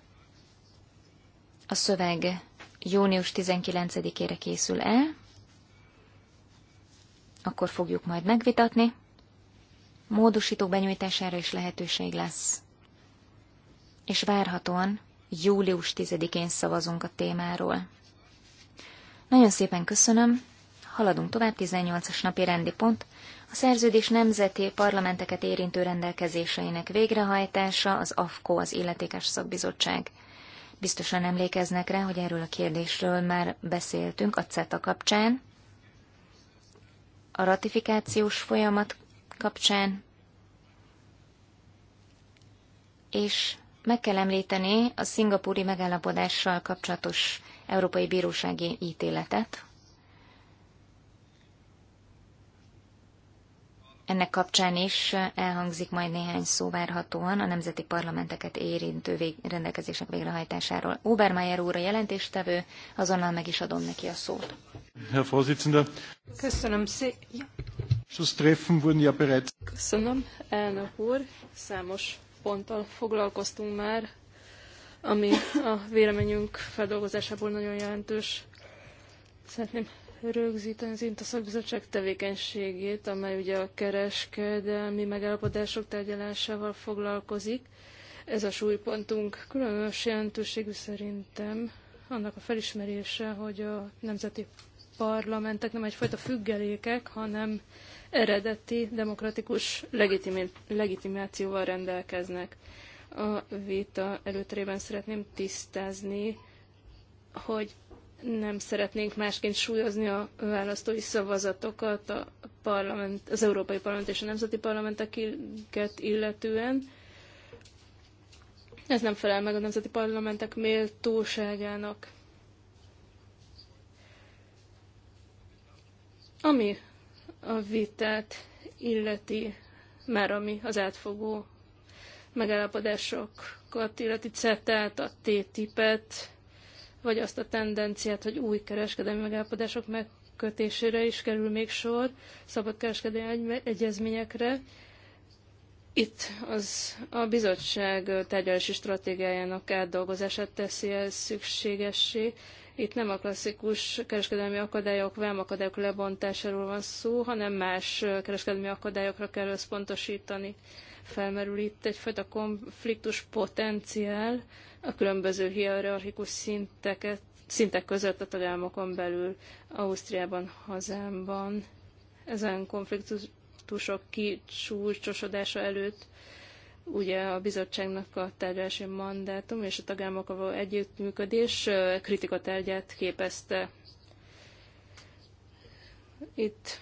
A szöveg június 19-ére készül el, akkor fogjuk majd megvitatni. Módosító benyújtására is lehetőség lesz. És várhatóan július 10-én szavazunk a témáról. Nagyon szépen köszönöm. Haladunk tovább, 18-as napi rendi pont. A szerződés nemzeti parlamenteket érintő rendelkezéseinek végrehajtása az AFKO, az Illetékes Szakbizottság. Biztosan emlékeznek rá, hogy erről a kérdésről már beszéltünk a CETA kapcsán a ratifikációs folyamat kapcsán, és meg kell említeni a szingapúri megállapodással kapcsolatos Európai Bírósági ítéletet, Ennek kapcsán is elhangzik majd néhány szó várhatóan a nemzeti parlamenteket érintő vég, rendelkezések végrehajtásáról. Obermeyer úr a jelentéstevő, azonnal meg is adom neki a szót. Herr Vorsitzender. Köszönöm szépen. Ja. Köszönöm, elnök úr. Számos ponttal foglalkoztunk már, ami a véleményünk feldolgozásából nagyon jelentős. Szeretném rögzíteni az INTA szakbizottság tevékenységét, amely ugye a kereskedelmi megállapodások tárgyalásával foglalkozik. Ez a súlypontunk különös jelentőségű szerintem annak a felismerése, hogy a nemzeti parlamentek nem egyfajta függelékek, hanem eredeti demokratikus legitim legitimációval rendelkeznek. A vita előterében szeretném tisztázni, hogy nem szeretnénk másként súlyozni a választói szavazatokat a parlament, az Európai Parlament és a Nemzeti Parlamenteket illetően. Ez nem felel meg a Nemzeti Parlamentek méltóságának. Ami a vitát illeti, már ami az átfogó megállapodásokat illeti CETA-t, a TTIP-et, vagy azt a tendenciát, hogy új kereskedelmi megállapodások megkötésére is kerül még sor, szabadkereskedelmi egyezményekre. Itt az a bizottság tárgyalási stratégiájának átdolgozását teszi ez szükségessé. Itt nem a klasszikus kereskedelmi akadályok, vámakadályok lebontásáról van szó, hanem más kereskedelmi akadályokra kell összpontosítani. Felmerül itt egyfajta konfliktus potenciál a különböző hierarchikus szinteket, szintek között a tagállamokon belül, Ausztriában, hazámban. Ezen konfliktusok kicsúcsosodása előtt ugye a bizottságnak a tárgyalási mandátum és a a való együttműködés kritikatárgyát képezte. Itt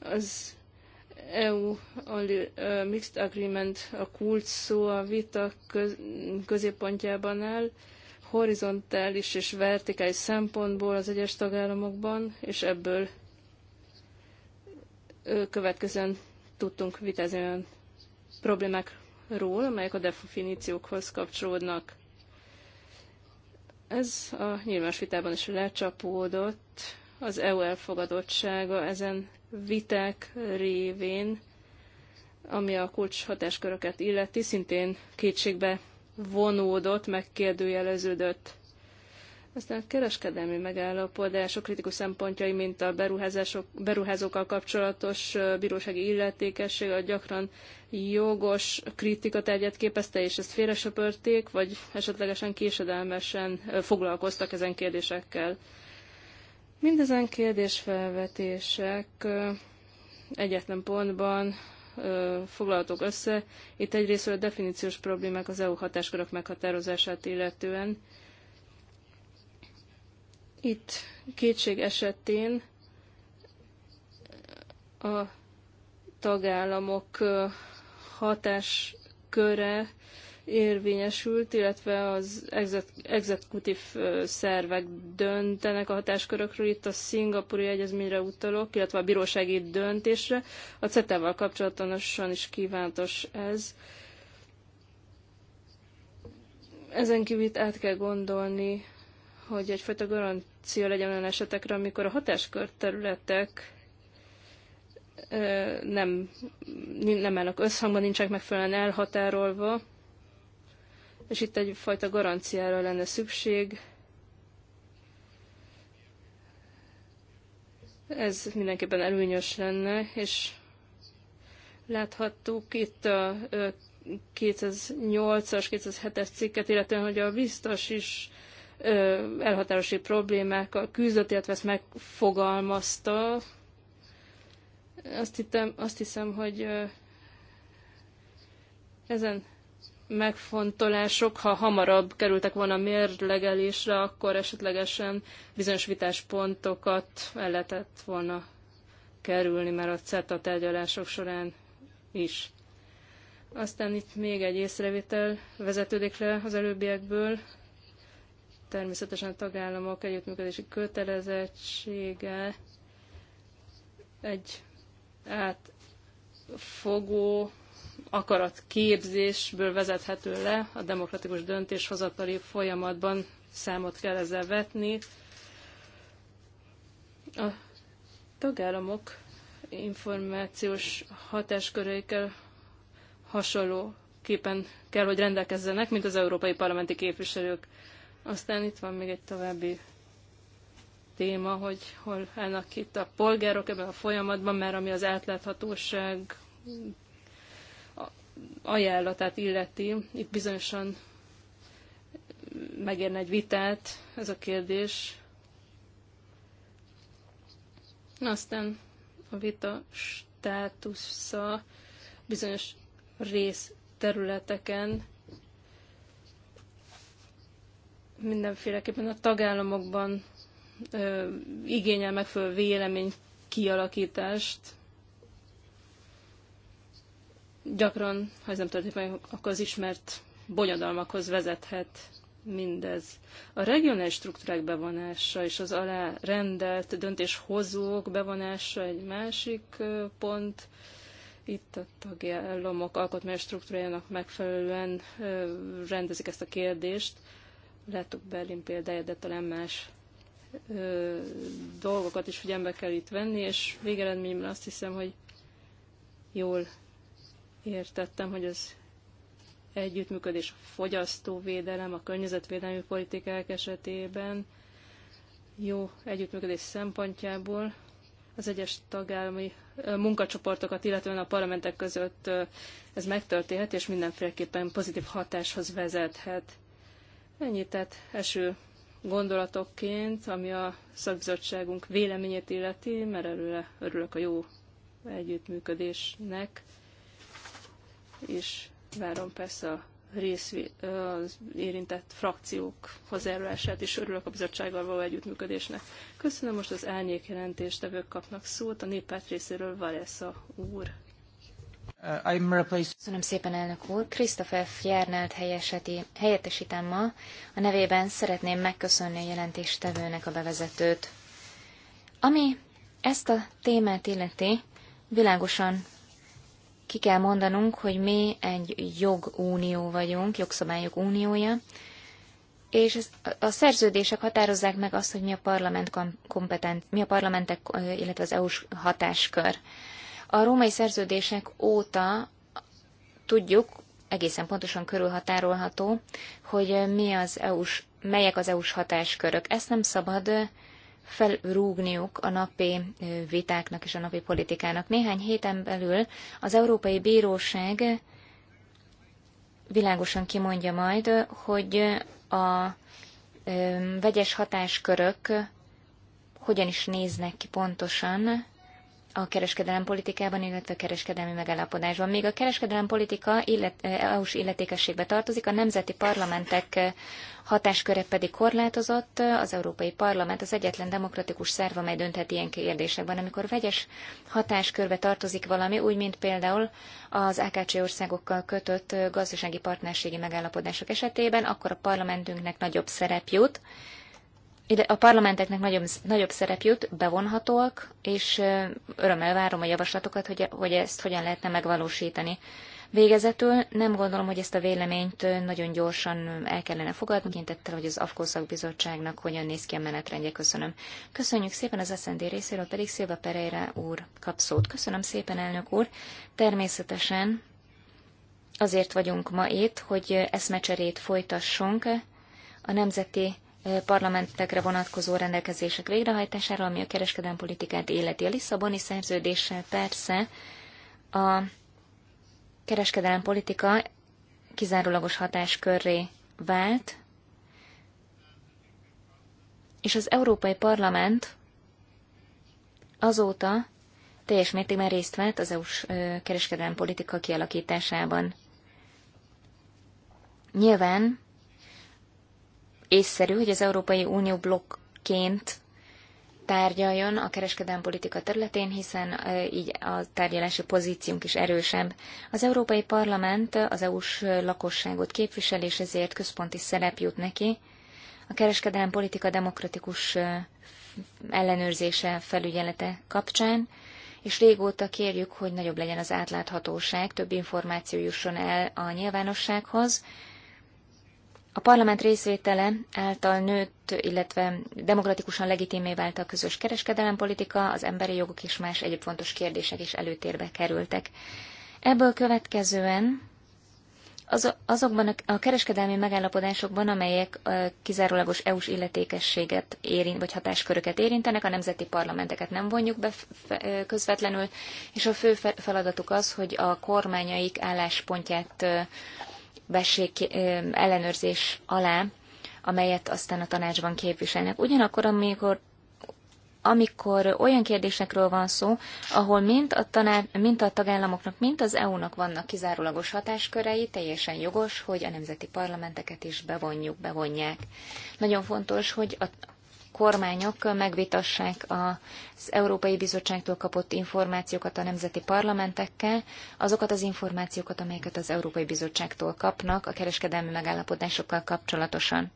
az EU Mixed Agreement a kult szó a vita köz, középpontjában áll, horizontális és vertikális szempontból az egyes tagállamokban, és ebből következően tudtunk vitázni olyan problémákról, amelyek a definíciókhoz kapcsolódnak. Ez a nyilvános vitában is lecsapódott, az EU elfogadottsága ezen viták révén, ami a kulcs hatásköröket illeti, szintén kétségbe vonódott, megkérdőjeleződött. Aztán a kereskedelmi megállapodások kritikus szempontjai, mint a beruházások, beruházókkal kapcsolatos bírósági illetékesség, a gyakran jogos kritika tárgyát képezte, és ezt félresöpörték, vagy esetlegesen késedelmesen foglalkoztak ezen kérdésekkel. Mindezen kérdésfelvetések egyetlen pontban foglaltok össze. Itt egyrészt a definíciós problémák az EU hatáskörök meghatározását illetően. Itt kétség esetén a tagállamok hatásköre érvényesült, illetve az exekutív szervek döntenek a hatáskörökről, itt a szingapúri egyezményre utalok, illetve a bírósági döntésre. A CETA-val kapcsolatosan is kívántos ez. Ezen kívül itt át kell gondolni, hogy egyfajta garancia legyen olyan esetekre, amikor a hatáskör területek nem, nem állnak összhangban, nincsenek megfelelően elhatárolva, és itt egyfajta garanciára lenne szükség. Ez mindenképpen előnyös lenne, és láthattuk itt a 2008-as, 2007-es cikket, illetve hogy a biztos is elhatárosi problémákkal küzdött, illetve ezt megfogalmazta. Azt azt hiszem hogy ezen megfontolások, ha hamarabb kerültek volna mérlegelésre, akkor esetlegesen bizonyos vitáspontokat el lehetett volna kerülni már a CETA tárgyalások során is. Aztán itt még egy észrevétel vezetődik le az előbbiekből. Természetesen a tagállamok együttműködési kötelezettsége egy átfogó akarat képzésből vezethető le a demokratikus döntéshozatali folyamatban, számot kell ezzel vetni. A tagállamok információs hatásköreikkel hasonlóképpen kell, hogy rendelkezzenek, mint az európai parlamenti képviselők. Aztán itt van még egy további téma, hogy hol állnak itt a polgárok ebben a folyamatban, mert ami az átláthatóság ajánlatát illeti, itt bizonyosan megérne egy vitát ez a kérdés. Na aztán a vita státusza bizonyos részterületeken mindenféleképpen a tagállamokban ö, igényel megfelelő vélemény kialakítást, Gyakran, ha ez nem történik meg, akkor az ismert bonyodalmakhoz vezethet mindez. A regionális struktúrák bevonása és az alá rendelt döntéshozók bevonása egy másik pont. Itt a tagállamok alkotmányos struktúrájának megfelelően rendezik ezt a kérdést. Láttuk Berlin példáját, de talán más dolgokat is figyelembe kell itt venni, és végeredményben azt hiszem, hogy jól értettem, hogy az együttműködés a fogyasztóvédelem, a környezetvédelmi politikák esetében jó együttműködés szempontjából az egyes tagállami munkacsoportokat, illetően a parlamentek között ez megtörténhet, és mindenféleképpen pozitív hatáshoz vezethet. Ennyit tehát eső gondolatokként, ami a szakbizottságunk véleményét illeti, mert előre örülök a jó együttműködésnek és várom persze a részvé, az érintett frakciók hozzájárulását, és örülök a bizottsággal való együttműködésnek. Köszönöm, most az árnyék jelentéstevők kapnak szót, a néppárt részéről Valesza úr. Uh, Köszönöm szépen, elnök úr. Christopher Fjernelt helyettesítem ma. A nevében szeretném megköszönni a jelentéstevőnek a bevezetőt. Ami ezt a témát illeti, világosan ki kell mondanunk, hogy mi egy jogunió vagyunk, jogszabályok uniója, és a szerződések határozzák meg azt, hogy mi a parlament kompetent, mi a parlamentek, illetve az EU-s hatáskör. A római szerződések óta tudjuk, egészen pontosan körülhatárolható, hogy mi az EU-s, melyek az EU-s hatáskörök. Ezt nem szabad felrúgniuk a napi vitáknak és a napi politikának. Néhány héten belül az Európai Bíróság világosan kimondja majd, hogy a vegyes hatáskörök hogyan is néznek ki pontosan, a kereskedelem politikában, illetve a kereskedelmi megállapodásban. Még a kereskedelem politika illet, EU-s illetékességbe tartozik, a nemzeti parlamentek hatásköre pedig korlátozott, az Európai Parlament az egyetlen demokratikus szerv, amely dönthet ilyen kérdésekben. Amikor vegyes hatáskörbe tartozik valami, úgy, mint például az AKC országokkal kötött gazdasági partnerségi megállapodások esetében, akkor a parlamentünknek nagyobb szerep jut, ide a parlamenteknek nagyobb, nagyobb szerep jut, bevonhatóak, és örömmel várom a javaslatokat, hogy, e- hogy ezt hogyan lehetne megvalósítani. Végezetül nem gondolom, hogy ezt a véleményt nagyon gyorsan el kellene fogadni, kintettel, hogy az AFKO bizottságnak hogyan néz ki a menetrendje. Köszönöm. Köszönjük szépen az SZND részéről, pedig Szilva Pereira úr kap szót. Köszönöm szépen, elnök úr. Természetesen azért vagyunk ma itt, hogy eszmecserét folytassunk a nemzeti parlamentekre vonatkozó rendelkezések végrehajtására, ami a kereskedelmi politikát életi. A Lisszaboni szerződéssel persze a kereskedelmi politika kizárólagos hatáskörré vált, és az Európai Parlament azóta teljes mértékben részt vett az EU-s kereskedelmi politika kialakításában. Nyilván észszerű, hogy az Európai Unió blokként tárgyaljon a kereskedelmi politika területén, hiszen így a tárgyalási pozíciónk is erősebb. Az Európai Parlament az EU-s lakosságot képvisel, és ezért központi szerep jut neki. A kereskedelmi politika demokratikus ellenőrzése, felügyelete kapcsán, és régóta kérjük, hogy nagyobb legyen az átláthatóság, több információ jusson el a nyilvánossághoz, a parlament részvétele által nőtt, illetve demokratikusan legitimé vált a közös kereskedelempolitika, az emberi jogok és más egyéb fontos kérdések is előtérbe kerültek. Ebből következően az, azokban a, kereskedelmi megállapodásokban, amelyek kizárólagos EU-s illetékességet érint, vagy hatásköröket érintenek, a nemzeti parlamenteket nem vonjuk be közvetlenül, és a fő feladatuk az, hogy a kormányaik álláspontját vessék ellenőrzés alá, amelyet aztán a tanácsban képviselnek. Ugyanakkor, amikor amikor olyan kérdésekről van szó, ahol mind a, tanár, mind a tagállamoknak, mind az EU-nak vannak kizárólagos hatáskörei, teljesen jogos, hogy a nemzeti parlamenteket is bevonjuk, bevonják. Nagyon fontos, hogy a, kormányok megvitassák az Európai Bizottságtól kapott információkat a nemzeti parlamentekkel, azokat az információkat, amelyeket az Európai Bizottságtól kapnak a kereskedelmi megállapodásokkal kapcsolatosan.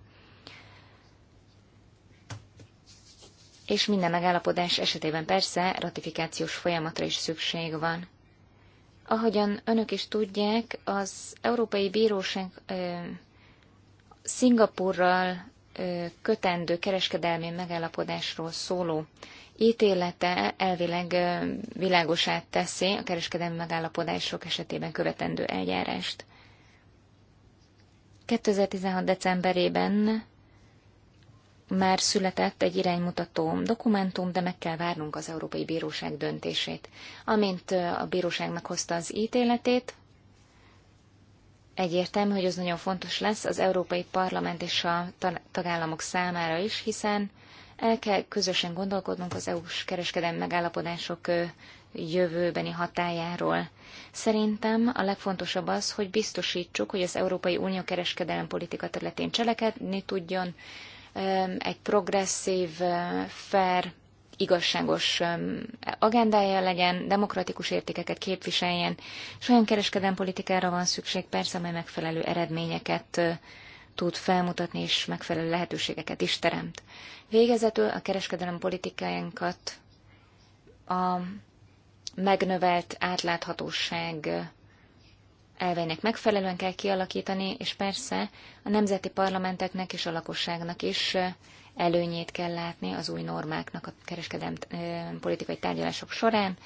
És minden megállapodás esetében persze ratifikációs folyamatra is szükség van. Ahogyan önök is tudják, az Európai Bíróság ö, Szingapurral kötendő kereskedelmi megállapodásról szóló ítélete elvileg világosát teszi a kereskedelmi megállapodások esetében követendő eljárást. 2016. decemberében már született egy iránymutató dokumentum, de meg kell várnunk az Európai Bíróság döntését. Amint a bíróság meghozta az ítéletét, Egyértelmű, hogy ez nagyon fontos lesz az Európai Parlament és a tagállamok számára is, hiszen el kell közösen gondolkodnunk az EU-s kereskedelmi megállapodások jövőbeni hatájáról. Szerintem a legfontosabb az, hogy biztosítsuk, hogy az Európai Unió kereskedelmi politika területén cselekedni tudjon, egy progresszív, fair igazságos agendája legyen, demokratikus értékeket képviseljen, és olyan kereskedelmpolitikára van szükség persze, amely megfelelő eredményeket tud felmutatni, és megfelelő lehetőségeket is teremt. Végezetül a kereskedelem politikáinkat a megnövelt átláthatóság elveinek megfelelően kell kialakítani, és persze a nemzeti parlamenteknek és a lakosságnak is előnyét kell látni az új normáknak a kereskedelmi politikai tárgyalások során,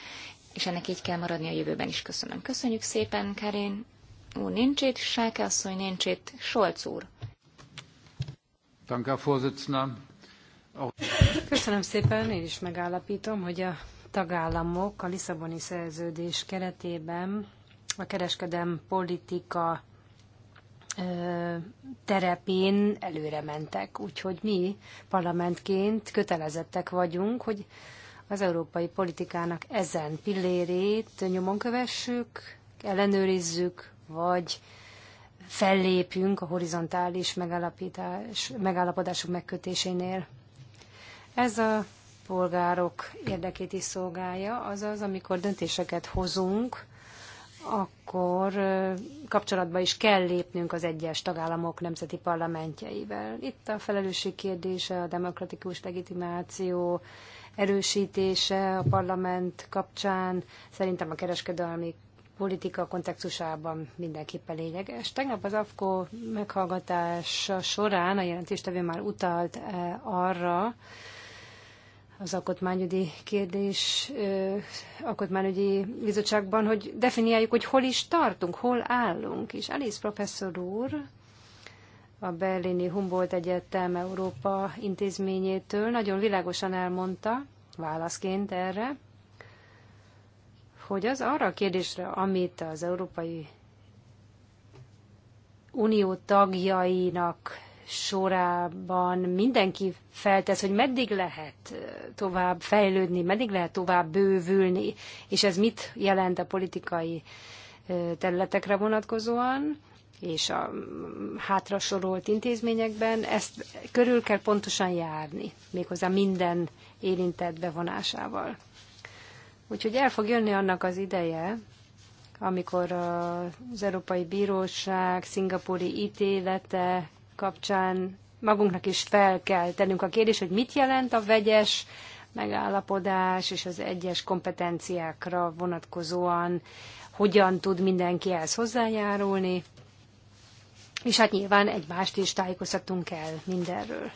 és ennek így kell maradni a jövőben is. Köszönöm. Köszönjük szépen, Karin úr nincs itt, Sáke asszony nincs itt, Solc úr. Köszönöm szépen, én is megállapítom, hogy a tagállamok a Lisszaboni szerződés keretében a kereskedem politika terepén előre mentek. Úgyhogy mi parlamentként kötelezettek vagyunk, hogy az európai politikának ezen pillérét nyomon kövessük, ellenőrizzük, vagy fellépjünk a horizontális megállapítás, megállapodások megkötésénél. Ez a polgárok érdekét is szolgálja, azaz, amikor döntéseket hozunk, akkor kapcsolatba is kell lépnünk az egyes tagállamok nemzeti parlamentjeivel. Itt a felelősség kérdése, a demokratikus legitimáció erősítése a parlament kapcsán szerintem a kereskedelmi politika kontextusában mindenképpen lényeges. Tegnap az AFKO meghallgatása során a jelentéstevő már utalt eh, arra, az alkotmányügyi kérdés, alkotmányügyi bizottságban, hogy definiáljuk, hogy hol is tartunk, hol állunk. És Alice professzor úr a Berlini Humboldt Egyetem Európa intézményétől nagyon világosan elmondta, válaszként erre, hogy az arra a kérdésre, amit az Európai Unió tagjainak sorában mindenki feltesz, hogy meddig lehet eh, tovább fejlődni, meddig lehet tovább bővülni, és ez mit jelent a politikai eh, területekre vonatkozóan, és a mm, hátra sorolt intézményekben, ezt körül kell pontosan járni, méghozzá minden érintett bevonásával. Úgyhogy el fog jönni annak az ideje, amikor az Európai Bíróság szingapúri ítélete kapcsán magunknak is fel kell tennünk a kérdés, hogy mit jelent a vegyes megállapodás és az egyes kompetenciákra vonatkozóan hogyan tud mindenki ehhez hozzájárulni, és hát nyilván egymást is tájékoztatunk el mindenről.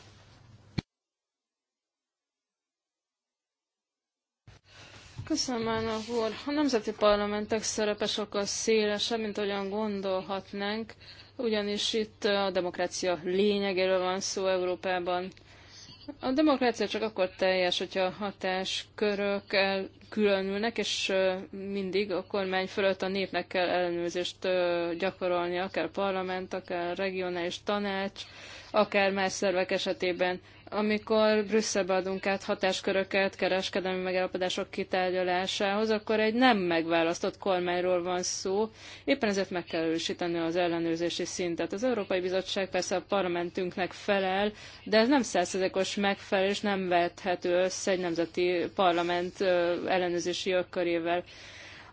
Köszönöm, Ának úr. A nemzeti parlamentek szerepe sokkal szélesebb, mint olyan gondolhatnánk ugyanis itt a demokrácia lényegéről van szó Európában. A demokrácia csak akkor teljes, hogyha a hatáskörök elkülönülnek, és mindig a kormány fölött a népnek kell ellenőrzést gyakorolni, akár parlament, akár regionális tanács, akár más szervek esetében amikor Brüsszelbe adunk át hatásköröket kereskedelmi megállapodások kitárgyalásához, akkor egy nem megválasztott kormányról van szó. Éppen ezért meg kell erősíteni az ellenőrzési szintet. Az Európai Bizottság persze a parlamentünknek felel, de ez nem százszerzekos megfelelés, nem vethető össze egy nemzeti parlament ellenőrzési jogkörével.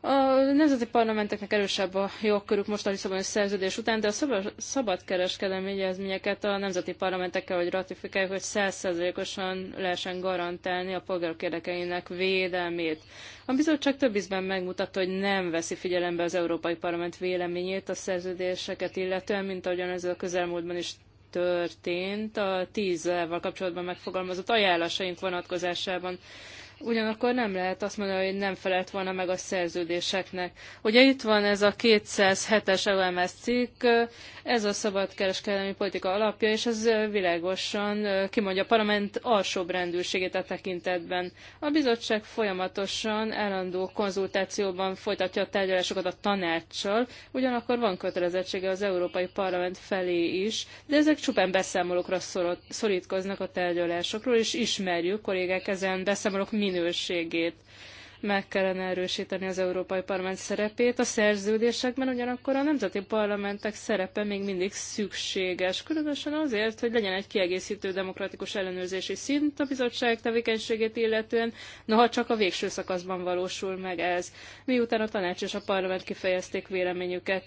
A nemzeti parlamenteknek erősebb a jogkörük most a Lisszaboni szerződés után, de a szabadkereskedelmi egyezményeket a nemzeti parlamentekkel, hogy ratifikáljuk, hogy százszerzelékosan lehessen garantálni a polgárok érdekeinek védelmét. A bizottság több ízben megmutatta, hogy nem veszi figyelembe az Európai Parlament véleményét a szerződéseket illetően, mint ahogyan ez a közelmúltban is történt a tízzel kapcsolatban megfogalmazott ajánlásaink vonatkozásában. Ugyanakkor nem lehet azt mondani, hogy nem felelt volna meg a szerződéseknek. Ugye itt van ez a 207-es OMS cikk, ez a szabadkereskedelmi politika alapja, és ez világosan kimondja a parlament alsóbb rendőrségét a e tekintetben. A bizottság folyamatosan állandó konzultációban folytatja a tárgyalásokat a tanácssal, ugyanakkor van kötelezettsége az Európai Parlament felé is, de ezek csupán beszámolókra szorítkoznak a tárgyalásokról, és ismerjük kollégák ezen beszámolók mi minőségét. Meg kellene erősíteni az Európai Parlament szerepét a szerződésekben, ugyanakkor a nemzeti parlamentek szerepe még mindig szükséges, különösen azért, hogy legyen egy kiegészítő demokratikus ellenőrzési szint a bizottság tevékenységét illetően, noha csak a végső szakaszban valósul meg ez, miután a tanács és a parlament kifejezték véleményüket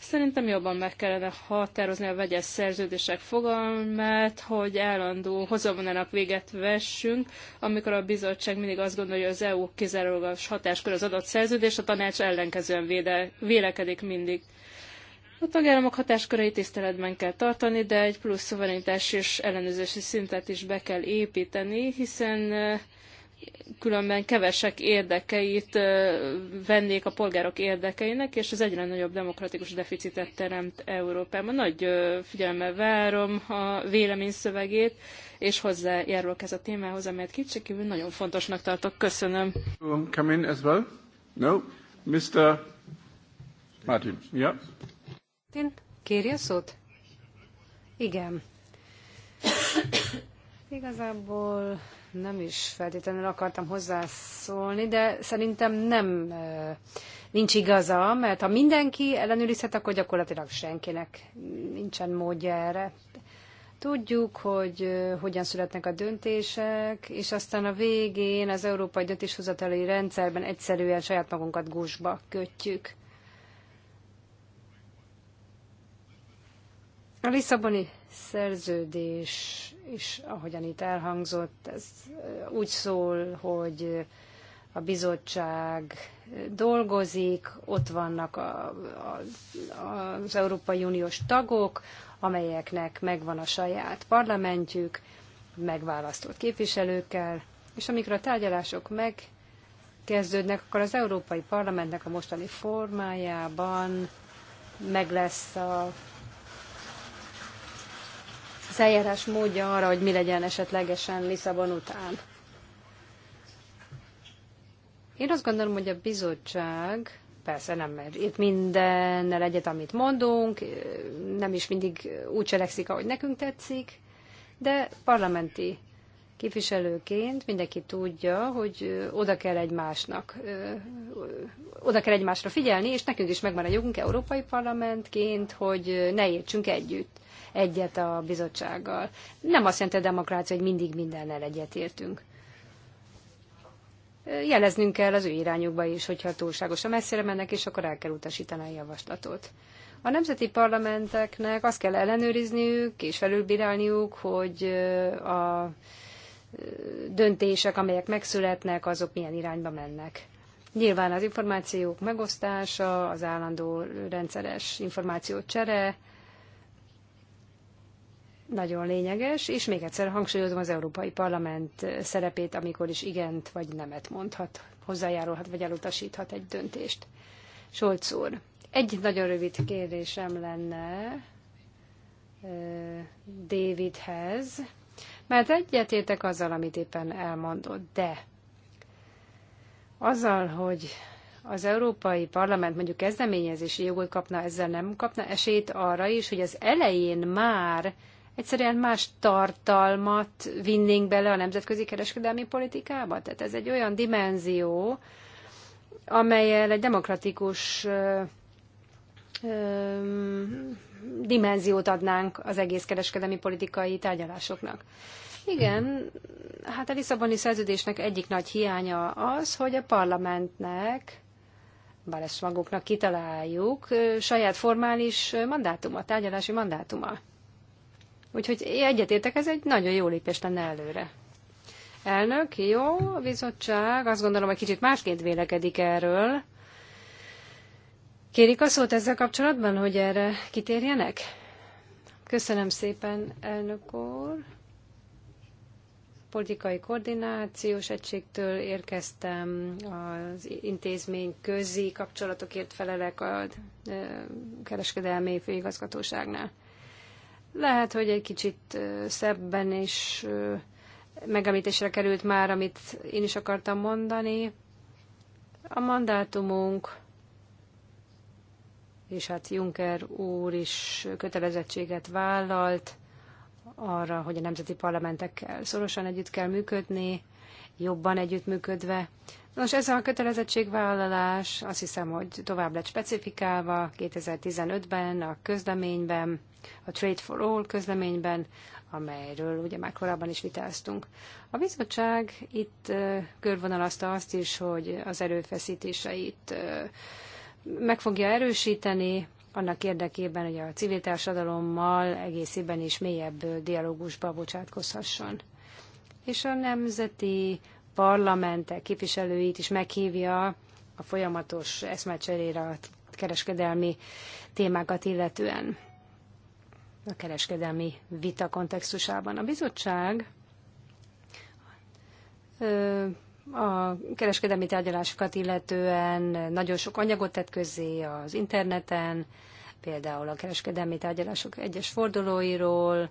Szerintem jobban meg kellene határozni a vegyes szerződések fogalmát, hogy állandó hozavonának véget vessünk, amikor a bizottság mindig azt gondolja, hogy az EU a hatáskör az adott szerződés, a tanács ellenkezően véde, vélekedik mindig. A tagállamok hatásköreit tiszteletben kell tartani, de egy plusz szuverenitás és ellenőrzési szintet is be kell építeni, hiszen eh, különben kevesek érdekeit vennék a polgárok érdekeinek, és ez egyre nagyobb demokratikus deficitet teremt Európában. Nagy figyelemmel várom a véleményszövegét, és hozzájárulok ez a témához, amelyet kicsikívül nagyon fontosnak tartok. Köszönöm. Come in as well? No? Mr. Martin, yeah. kérje a szót? Igen. Igazából nem is feltétlenül akartam hozzászólni, de szerintem nem nincs igaza, mert ha mindenki ellenőrizhet, akkor gyakorlatilag senkinek nincsen módja erre. Tudjuk, hogy hogyan születnek a döntések, és aztán a végén az európai döntéshozatali rendszerben egyszerűen saját magunkat gúzsba kötjük. A Lisszaboni szerződés is, ahogyan itt elhangzott, ez eh, úgy szól, hogy a bizottság dolgozik, ott vannak a, a, az Európai Uniós tagok, amelyeknek megvan a saját parlamentjük, megválasztott képviselőkkel, és amikor a tárgyalások megkezdődnek, akkor az Európai Parlamentnek a mostani formájában meg lesz a az eljárás módja arra, hogy mi legyen esetlegesen Lisszabon után. Én azt gondolom, hogy a bizottság persze nem itt mindennel egyet, amit mondunk, nem is mindig úgy cselekszik, ahogy nekünk tetszik, de parlamenti képviselőként mindenki tudja, hogy oda kell egymásnak, oda kell egymásra figyelni, és nekünk is megvan a jogunk Európai Parlamentként, hogy ne értsünk együtt egyet a bizottsággal. Nem azt jelenti a demokrácia, hogy mindig mindennel értünk. Jeleznünk kell az ő irányukba is, hogyha túlságosan messzire mennek, és akkor el kell utasítani a javaslatot. A nemzeti parlamenteknek azt kell ellenőrizniük és felülbírálniuk, hogy a döntések, amelyek megszületnek, azok milyen irányba mennek. Nyilván az információk megosztása, az állandó rendszeres csere nagyon lényeges, és még egyszer hangsúlyozom az Európai Parlament szerepét, amikor is igent vagy nemet mondhat, hozzájárulhat vagy elutasíthat egy döntést. Solc úr, egy nagyon rövid kérdésem lenne eh, Davidhez mert egyetértek azzal, amit éppen elmondott, de azzal, hogy az Európai Parlament mondjuk kezdeményezési jogot kapna, ezzel nem kapna esélyt arra is, hogy az elején már egyszerűen más tartalmat vinnénk bele a nemzetközi kereskedelmi politikába. Tehát ez egy olyan dimenzió, amelyel egy demokratikus dimenziót adnánk az egész kereskedelmi politikai tárgyalásoknak. Igen, hát a Lisszaboni szerződésnek egyik nagy hiánya az, hogy a parlamentnek, bár ezt maguknak kitaláljuk, saját formális mandátuma, tárgyalási mandátuma. Úgyhogy egyetértek, ez egy nagyon jó lépés lenne előre. Elnök, jó, a bizottság azt gondolom, hogy kicsit másként vélekedik erről, Kérik a szót ezzel kapcsolatban, hogy erre kitérjenek? Köszönöm szépen, elnök úr. Politikai koordinációs egységtől érkeztem, az intézmény közi kapcsolatokért felelek a kereskedelmi főigazgatóságnál. Lehet, hogy egy kicsit szebben is megemlítésre került már, amit én is akartam mondani. A mandátumunk és hát Juncker úr is kötelezettséget vállalt arra, hogy a nemzeti parlamentekkel szorosan együtt kell működni, jobban együttműködve. Nos, ez a kötelezettségvállalás azt hiszem, hogy tovább lett specifikálva 2015-ben a közleményben, a Trade for All közleményben, amelyről ugye már korábban is vitáztunk. A bizottság itt körvonalazta azt is, hogy az erőfeszítéseit meg fogja erősíteni, annak érdekében, hogy a civil társadalommal egészében is mélyebb dialógusba bocsátkozhasson. És a nemzeti parlamentek képviselőit is meghívja a folyamatos eszmecserére a kereskedelmi témákat illetően a kereskedelmi vita kontextusában. A bizottság a kereskedelmi tárgyalásokat illetően nagyon sok anyagot tett közzé az interneten, például a kereskedelmi tárgyalások egyes fordulóiról,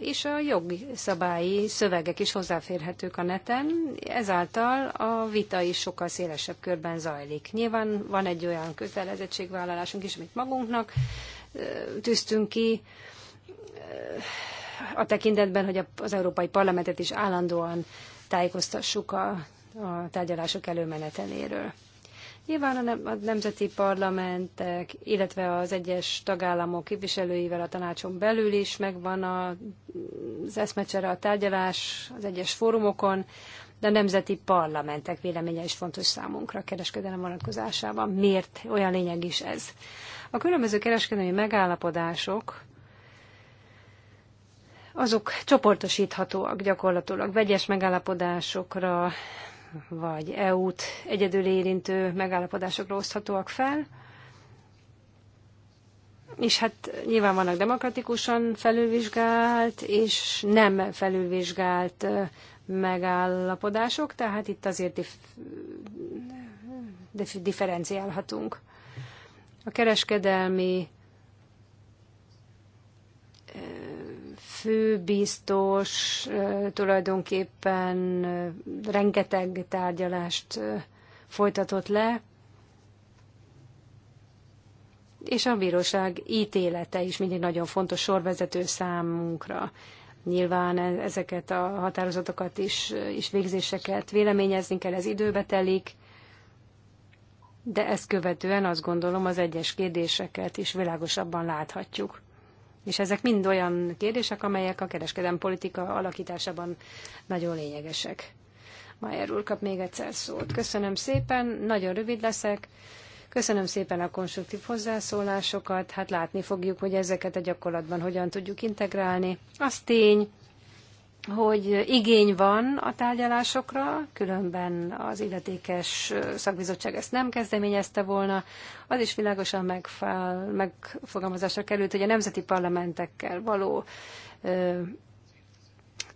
és a jogi szabályi szövegek is hozzáférhetők a neten, ezáltal a vita is sokkal szélesebb körben zajlik. Nyilván van egy olyan kötelezettségvállalásunk is, amit magunknak tűztünk ki, a tekintetben, hogy az Európai Parlamentet is állandóan tájékoztassuk a, a tárgyalások előmeneteléről. Nyilván a, nemzeti parlamentek, illetve az egyes tagállamok képviselőivel a tanácson belül is megvan a, az eszmecsere, a tárgyalás az egyes fórumokon, de a nemzeti parlamentek véleménye is fontos számunkra a kereskedelem vonatkozásában. Miért olyan lényeg is ez? A különböző kereskedelmi megállapodások azok csoportosíthatóak gyakorlatilag vegyes megállapodásokra, vagy EU-t egyedül érintő megállapodásokra oszthatóak fel. És hát nyilván vannak demokratikusan felülvizsgált és nem felülvizsgált megállapodások, tehát itt azért dif- dif- differenciálhatunk. A kereskedelmi főbiztos tulajdonképpen rengeteg tárgyalást folytatott le, és a bíróság ítélete is mindig nagyon fontos sorvezető számunkra. Nyilván e- ezeket a határozatokat is, és végzéseket véleményezni kell, ez időbe telik, de ezt követően azt gondolom az egyes kérdéseket is világosabban láthatjuk. És ezek mind olyan kérdések, amelyek a kereskedelmi politika alakításában nagyon lényegesek. Majer úr kap még egyszer szót. Köszönöm szépen, nagyon rövid leszek. Köszönöm szépen a konstruktív hozzászólásokat, hát látni fogjuk, hogy ezeket a gyakorlatban hogyan tudjuk integrálni. Az tény, hogy igény van a tárgyalásokra, különben az illetékes szakbizottság ezt nem kezdeményezte volna. Az is világosan megfál, megfogalmazásra került, hogy a nemzeti parlamentekkel való ö,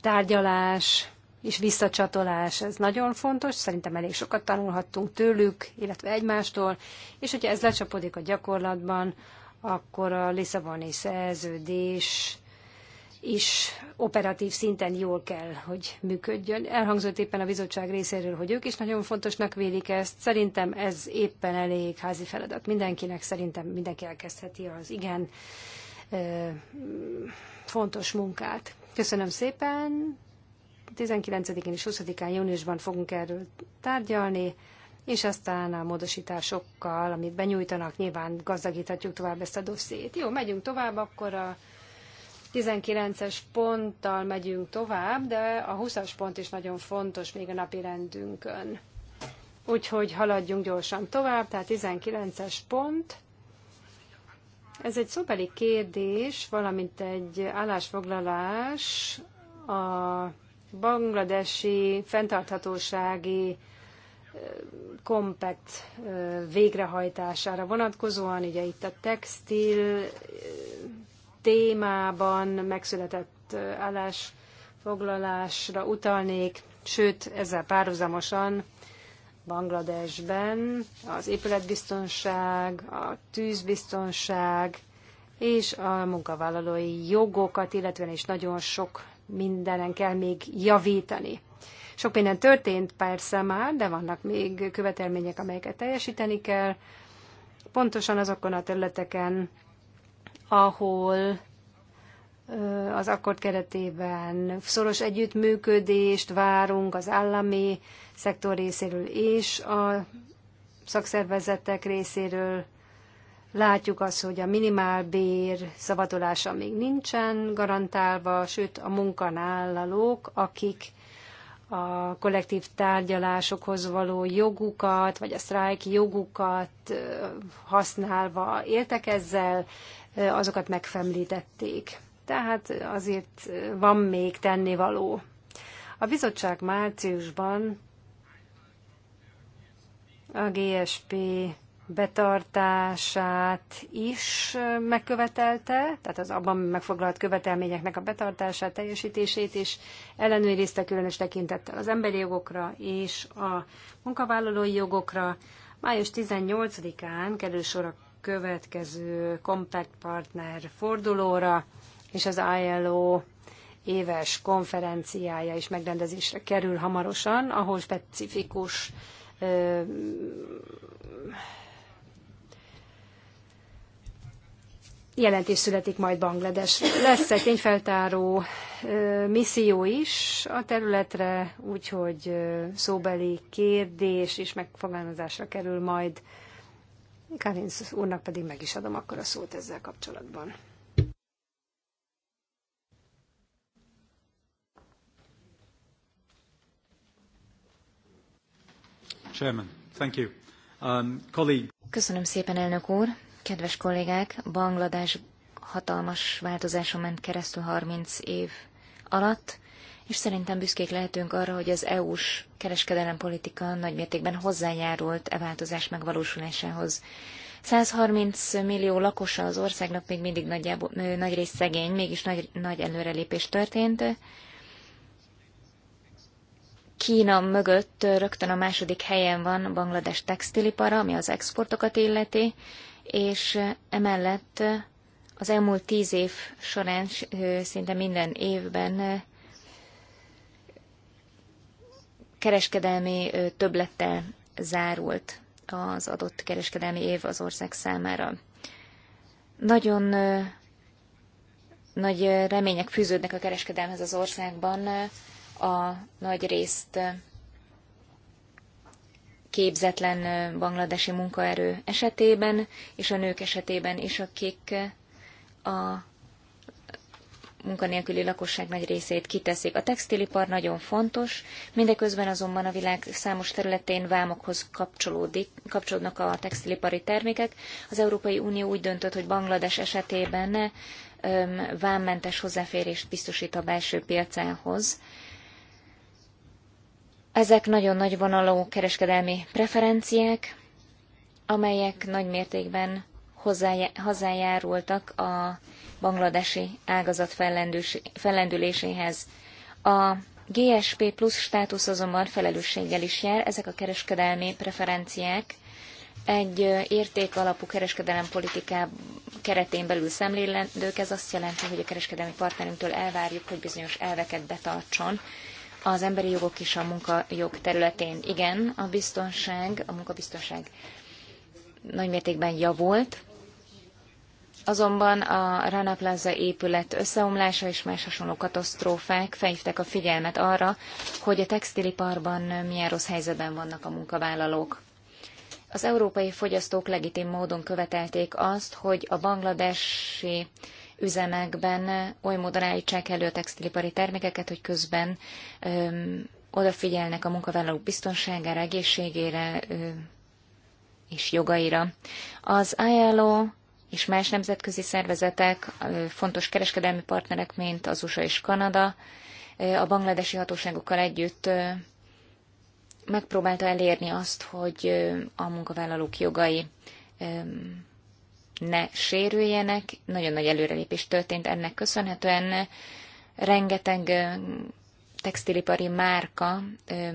tárgyalás és visszacsatolás, ez nagyon fontos, szerintem elég sokat tanulhattunk tőlük, illetve egymástól, és hogyha ez lecsapódik a gyakorlatban, akkor a Lisszaboni szerződés is operatív szinten jól kell, hogy működjön. Elhangzott éppen a bizottság részéről, hogy ők is nagyon fontosnak vélik ezt. Szerintem ez éppen elég házi feladat mindenkinek. Szerintem mindenki elkezdheti az igen fontos munkát. Köszönöm szépen. 19-én és 20-án júniusban fogunk erről tárgyalni, és aztán a módosításokkal, amit benyújtanak, nyilván gazdagíthatjuk tovább ezt a dossziét. Jó, megyünk tovább, akkor a 19-es ponttal megyünk tovább, de a 20-as pont is nagyon fontos még a napi rendünkön. Úgyhogy haladjunk gyorsan tovább, tehát 19-es pont. Ez egy szóbeli kérdés, valamint egy állásfoglalás a bangladesi fenntarthatósági kompakt végrehajtására vonatkozóan, ugye itt a textil témában megszületett állásfoglalásra utalnék, sőt, ezzel párhuzamosan Bangladesben az épületbiztonság, a tűzbiztonság és a munkavállalói jogokat, illetve is nagyon sok mindenen kell még javítani. Sok minden történt persze már, de vannak még követelmények, amelyeket teljesíteni kell. Pontosan azokon a területeken, ahol az akkord keretében szoros együttműködést várunk az állami szektor részéről és a szakszervezetek részéről. Látjuk azt, hogy a minimálbér szavatolása még nincsen garantálva, sőt a munkanállalók, akik a kollektív tárgyalásokhoz való jogukat, vagy a sztrájk jogukat használva éltek ezzel, azokat megfemlítették. Tehát azért van még tennivaló. A bizottság márciusban a GSP betartását is megkövetelte, tehát az abban megfoglalt követelményeknek a betartását, teljesítését is ellenőrizte különös tekintettel az emberi jogokra és a munkavállalói jogokra. Május 18-án kerül sor a következő Compact Partner fordulóra, és az ILO éves konferenciája is megrendezésre kerül hamarosan, ahol specifikus jelentés születik majd Banglades. Lesz egy tényfeltáró misszió is a területre, úgyhogy szóbeli kérdés és megfogalmazásra kerül majd Kárinsz úrnak pedig meg is adom akkor a szót ezzel kapcsolatban. Chairman, thank you. Um, colleague. Köszönöm szépen, elnök úr. Kedves kollégák, Bangladás hatalmas változáson ment keresztül 30 év alatt és szerintem büszkék lehetünk arra, hogy az EU-s kereskedelempolitika nagymértékben hozzájárult e változás megvalósulásához. 130 millió lakosa az országnak még mindig nagyjából, nagy rész szegény, mégis nagy, nagy előrelépés történt. Kína mögött rögtön a második helyen van Banglades textilipara, ami az exportokat illeti, és emellett az elmúlt tíz év során szinte minden évben kereskedelmi töblettel zárult az adott kereskedelmi év az ország számára. Nagyon nagy remények fűződnek a kereskedelmhez az országban, a nagy részt képzetlen bangladesi munkaerő esetében, és a nők esetében is, akik a munkanélküli lakosság nagy részét kiteszik. A textilipar nagyon fontos, mindeközben azonban a világ számos területén vámokhoz kapcsolódik, kapcsolódnak a textilipari termékek. Az Európai Unió úgy döntött, hogy Banglades esetében ne vámmentes hozzáférést biztosít a belső piacához. Ezek nagyon nagy vonalú kereskedelmi preferenciák, amelyek nagy mértékben hozzájárultak a bangladesi ágazat fellendüléséhez. A GSP plusz státusz azonban felelősséggel is jár, ezek a kereskedelmi preferenciák egy értékalapú kereskedelempolitiká keretén belül szemlélendők, ez azt jelenti, hogy a kereskedelmi partnerünktől elvárjuk, hogy bizonyos elveket betartson az emberi jogok és a munkajog területén. Igen, a biztonság, a munkabiztonság nagymértékben javult, Azonban a Rana Plaza épület összeomlása és más hasonló katasztrófák felhívták a figyelmet arra, hogy a textiliparban milyen rossz helyzetben vannak a munkavállalók. Az európai fogyasztók legitim módon követelték azt, hogy a bangladesi üzemekben oly módon állítsák elő a textilipari termékeket, hogy közben öm, odafigyelnek a munkavállalók biztonságára, egészségére ö, és jogaira. Az ILO és más nemzetközi szervezetek, fontos kereskedelmi partnerek, mint az USA és Kanada, a bangladesi hatóságokkal együtt megpróbálta elérni azt, hogy a munkavállalók jogai ne sérüljenek. Nagyon nagy előrelépés történt ennek köszönhetően. Rengeteg textilipari márka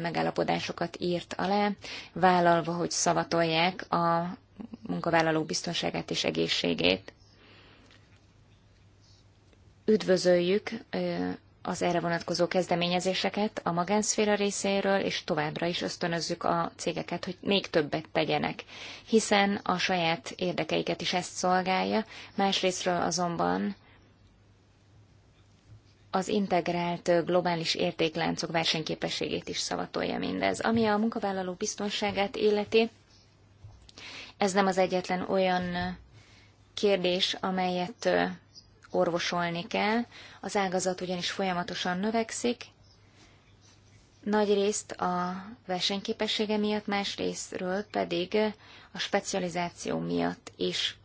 megállapodásokat írt alá, vállalva, hogy szavatolják a munkavállalók biztonságát és egészségét. Üdvözöljük az erre vonatkozó kezdeményezéseket a magánszféra részéről, és továbbra is ösztönözzük a cégeket, hogy még többet tegyenek, hiszen a saját érdekeiket is ezt szolgálja, másrésztről azonban az integrált globális értékláncok versenyképességét is szavatolja mindez. Ami a munkavállaló biztonságát illeti, ez nem az egyetlen olyan kérdés, amelyet orvosolni kell. Az ágazat ugyanis folyamatosan növekszik, Nagy részt a versenyképessége miatt, más részről pedig a specializáció miatt is.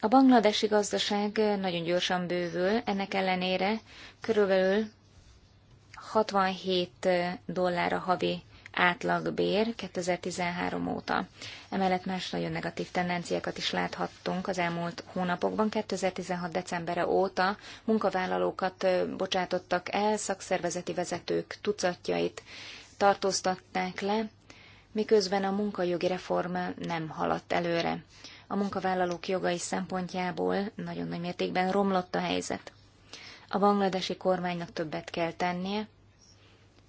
A bangladesi gazdaság nagyon gyorsan bővül, ennek ellenére körülbelül 67 dollár a havi átlagbér 2013 óta. Emellett más nagyon negatív tendenciákat is láthattunk az elmúlt hónapokban. 2016. decembere óta munkavállalókat bocsátottak el, szakszervezeti vezetők tucatjait tartóztatták le, miközben a munkajogi reform nem haladt előre. A munkavállalók jogai szempontjából nagyon nagy mértékben romlott a helyzet. A bangladesi kormánynak többet kell tennie,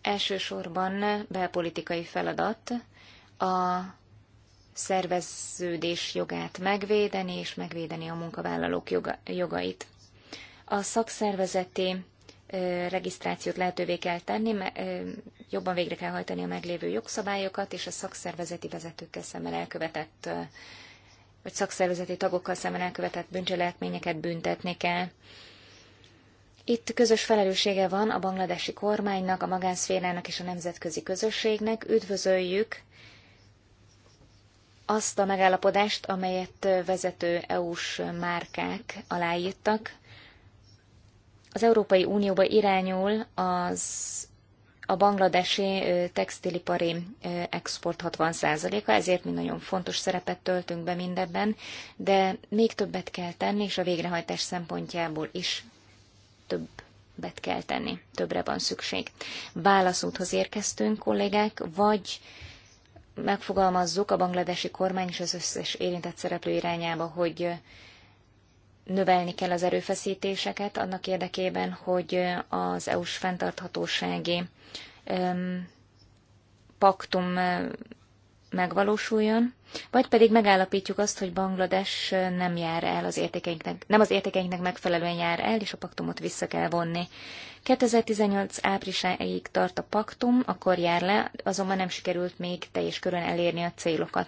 elsősorban belpolitikai feladat a szerveződés jogát megvédeni és megvédeni a munkavállalók joga, jogait. A szakszervezeti ö, regisztrációt lehetővé kell tenni, ö, jobban végre kell hajtani a meglévő jogszabályokat, és a szakszervezeti vezetőkkel szemben elkövetett, ö, vagy szakszervezeti tagokkal szemben elkövetett bűncselekményeket büntetni kell. Itt közös felelőssége van a bangladesi kormánynak, a magánszférának és a nemzetközi közösségnek. Üdvözöljük azt a megállapodást, amelyet vezető EU-s márkák aláírtak. Az Európai Unióba irányul az a bangladesi textilipari export 60%-a, ezért mi nagyon fontos szerepet töltünk be mindebben, de még többet kell tenni, és a végrehajtás szempontjából is több többet kell tenni, többre van szükség. Válaszúthoz érkeztünk, kollégák, vagy megfogalmazzuk a bangladesi kormány és az összes érintett szereplő irányába, hogy növelni kell az erőfeszítéseket annak érdekében, hogy az EU-s fenntarthatósági paktum megvalósuljon, vagy pedig megállapítjuk azt, hogy Banglades nem jár el az értékeinknek, nem az értékeinknek megfelelően jár el, és a paktumot vissza kell vonni. 2018 áprilisáig tart a paktum, akkor jár le, azonban nem sikerült még teljes körön elérni a célokat.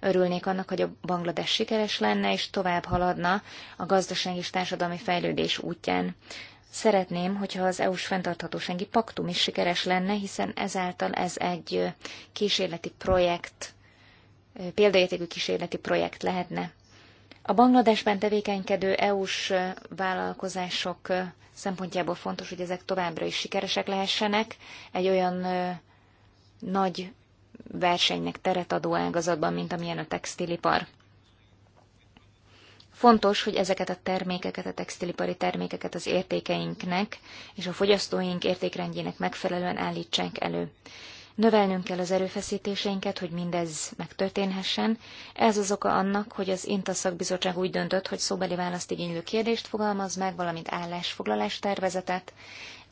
Örülnék annak, hogy a Banglades sikeres lenne, és tovább haladna a gazdaság és társadalmi fejlődés útján. Szeretném, hogyha az EU-s fenntarthatósági paktum is sikeres lenne, hiszen ezáltal ez egy kísérleti projekt, példaértékű kísérleti projekt lehetne. A Bangladesben tevékenykedő EU-s vállalkozások szempontjából fontos, hogy ezek továbbra is sikeresek lehessenek egy olyan nagy versenynek teret adó ágazatban, mint amilyen a textilipar. Fontos, hogy ezeket a termékeket, a textilipari termékeket az értékeinknek és a fogyasztóink értékrendjének megfelelően állítsák elő. Növelnünk kell az erőfeszítéseinket, hogy mindez megtörténhessen. Ez az oka annak, hogy az INTA szakbizottság úgy döntött, hogy szóbeli választ igénylő kérdést fogalmaz meg, valamint állásfoglalás tervezetet,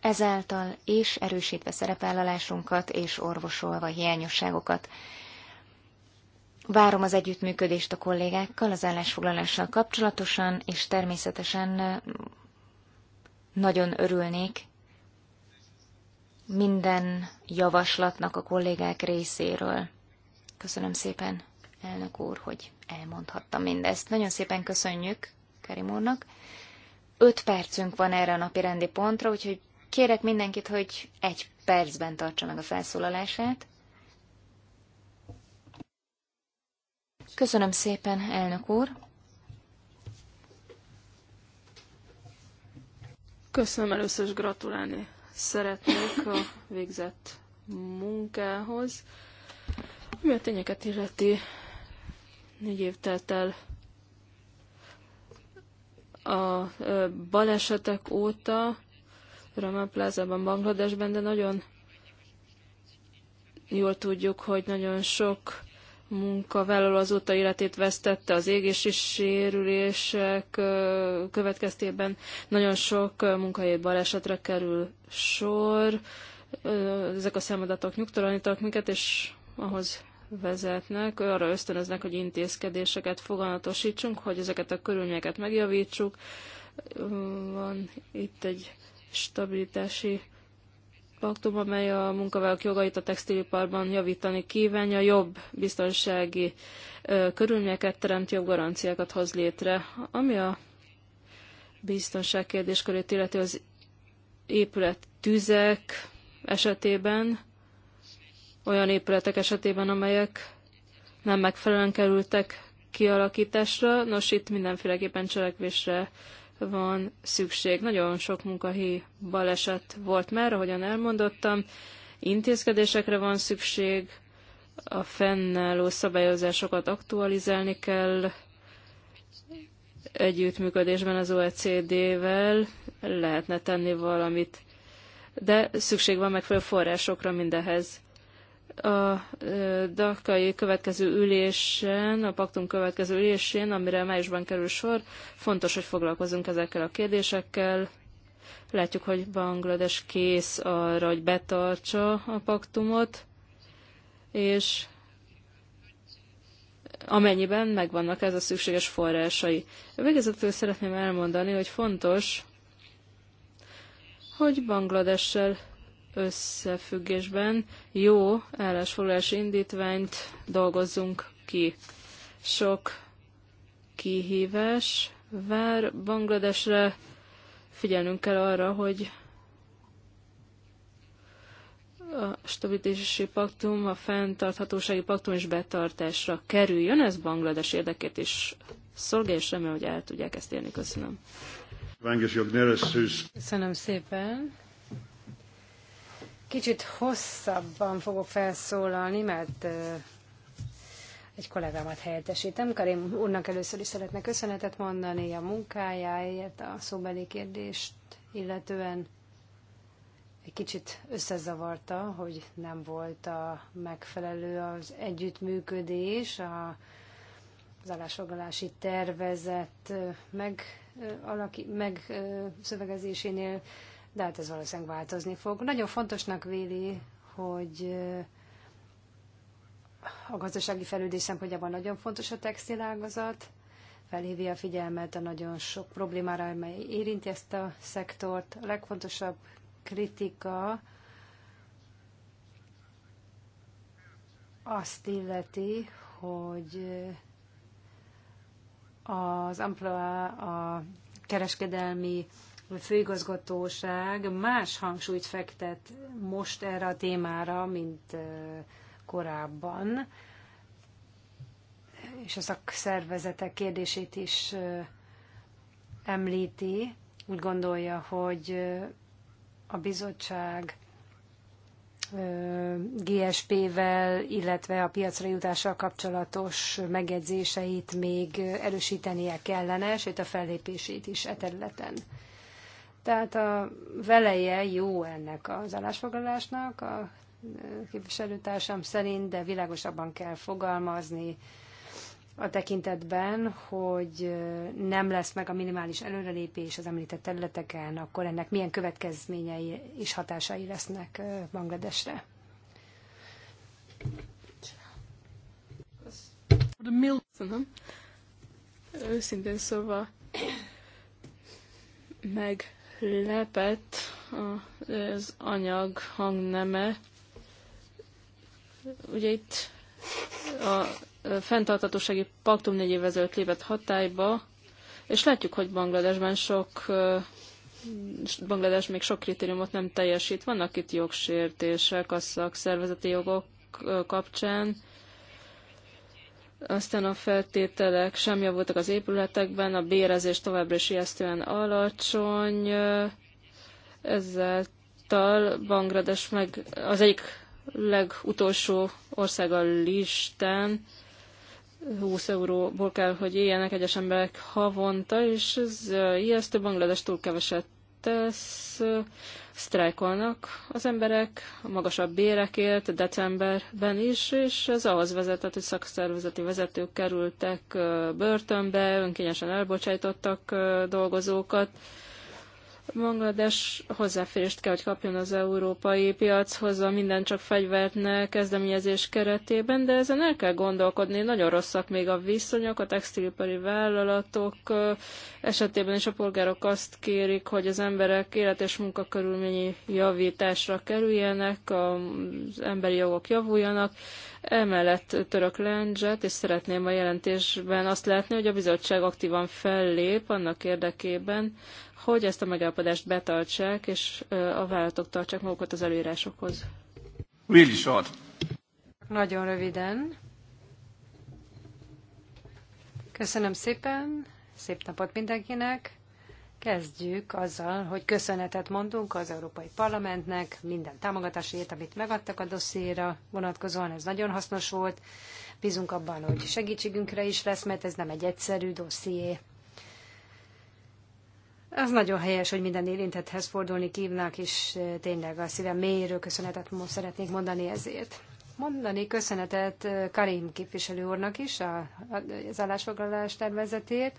ezáltal és erősítve szerepállalásunkat és orvosolva hiányosságokat. Várom az együttműködést a kollégákkal az állásfoglalással kapcsolatosan, és természetesen nagyon örülnék minden javaslatnak a kollégák részéről. Köszönöm szépen, elnök úr, hogy elmondhattam mindezt. Nagyon szépen köszönjük Karim úrnak. Öt percünk van erre a napi rendi pontra, úgyhogy kérek mindenkit, hogy egy percben tartsa meg a felszólalását. Köszönöm szépen, elnök úr. Köszönöm először is gratulálni szeretnék a végzett munkához. Mi a tényeket illeti, négy év telt el a balesetek óta, Rama Plázában, Bangladesben, de nagyon jól tudjuk, hogy nagyon sok munkavállaló azóta életét vesztette az égési sérülések következtében. Nagyon sok munkahelyét balesetre kerül sor. Ezek a számadatok nyugtalanítanak minket, és ahhoz vezetnek, arra ösztönöznek, hogy intézkedéseket foganatosítsunk, hogy ezeket a körülményeket megjavítsuk. Van itt egy stabilitási paktum, amely a munkavállalók jogait a textiliparban javítani kívánja, jobb biztonsági körülményeket teremt, jobb garanciákat hoz létre. Ami a biztonság kérdéskörét illeti az épület tüzek esetében, olyan épületek esetében, amelyek nem megfelelően kerültek kialakításra. Nos, itt mindenféleképpen cselekvésre van szükség. Nagyon sok munkahelyi baleset volt már, ahogyan elmondottam. Intézkedésekre van szükség, a fennálló szabályozásokat aktualizálni kell, együttműködésben az OECD-vel lehetne tenni valamit, de szükség van megfelelő forrásokra mindehez a dakai következő ülésen, a paktum következő ülésén, amire májusban kerül sor, fontos, hogy foglalkozunk ezekkel a kérdésekkel. Látjuk, hogy Banglades kész arra, hogy betartsa a paktumot, és amennyiben megvannak ez a szükséges forrásai. Végezetül szeretném elmondani, hogy fontos, hogy Bangladessel összefüggésben jó állásfoglalási indítványt dolgozzunk ki. Sok kihívás vár Bangladesre, figyelnünk kell arra, hogy a stabilitási paktum, a fenntarthatósági paktum is betartásra kerüljön. Ez Banglades érdekét is szolgál, és remélem, hogy el tudják ezt érni. Köszönöm. Köszönöm szépen. Kicsit hosszabban fogok felszólalni, mert egy kollégámat helyettesítem. Karim úrnak először is szeretne köszönetet mondani a munkájáért, a szóbeli kérdést illetően. Egy kicsit összezavarta, hogy nem volt a megfelelő az együttműködés, a, az állásfoglalási tervezet meg, alaki, meg szövegezésénél de hát ez valószínűleg változni fog. Nagyon fontosnak véli, hogy a gazdasági felüldés szempontjában nagyon fontos a textilágazat, felhívja a figyelmet a nagyon sok problémára, amely érinti ezt a szektort. A legfontosabb kritika azt illeti, hogy az amploa a kereskedelmi főigazgatóság más hangsúlyt fektet most erre a témára, mint korábban, és a szakszervezetek kérdését is említi. Úgy gondolja, hogy a bizottság GSP-vel, illetve a piacra jutással kapcsolatos megjegyzéseit még erősítenie kellene, sőt a fellépését is e területen. Tehát a veleje jó ennek az állásfoglalásnak, a eh, képviselőtársam szerint, de világosabban kell fogalmazni a tekintetben, hogy eh, nem lesz meg a minimális előrelépés az említett területeken, akkor ennek milyen következményei és hatásai lesznek eh, Bangladesre. Köszönöm. Őszintén szóval meg lepett az anyag hangneme. Ugye itt a fenntartatósági paktum négy évvel ezelőtt lépett hatályba, és látjuk, hogy Bangladesben sok Banglades még sok kritériumot nem teljesít. Vannak itt jogsértések a szakszervezeti jogok kapcsán, aztán a feltételek sem javultak az épületekben, a bérezés továbbra is ijesztően alacsony, tal Bangladesh meg az egyik legutolsó ország a listán, 20 euróból kell, hogy éljenek egyes emberek havonta, és ez ijesztő, Banglades túl keveset tesz, sztrájkolnak az emberek a magasabb bérekért decemberben is, és ez ahhoz vezetett, hogy szakszervezeti vezetők kerültek börtönbe, önkényesen elbocsájtottak dolgozókat, Bangladesh hozzáférést kell, hogy kapjon az európai piachoz a minden csak fegyvert ne kezdeményezés keretében, de ezen el kell gondolkodni, nagyon rosszak még a viszonyok, a textilipari vállalatok esetében is a polgárok azt kérik, hogy az emberek élet és munkakörülményi javításra kerüljenek, az emberi jogok javuljanak, Emellett török lendzset, és szeretném a jelentésben azt látni, hogy a bizottság aktívan fellép annak érdekében, hogy ezt a megállapodást betartsák, és a vállalatok tartsák magukat az előírásokhoz. Really short. Nagyon röviden. Köszönöm szépen, szép napot mindenkinek. Kezdjük azzal, hogy köszönetet mondunk az Európai Parlamentnek minden támogatásért, amit megadtak a dosszéra vonatkozóan, ez nagyon hasznos volt. Bízunk abban, hogy segítségünkre is lesz, mert ez nem egy egyszerű dosszié. Az nagyon helyes, hogy minden érintetthez fordulni kívnak, és tényleg a szívem mélyéről köszönetet szeretnék mondani ezért. Mondani köszönetet Karim képviselő úrnak is a, az állásfoglalás tervezetét.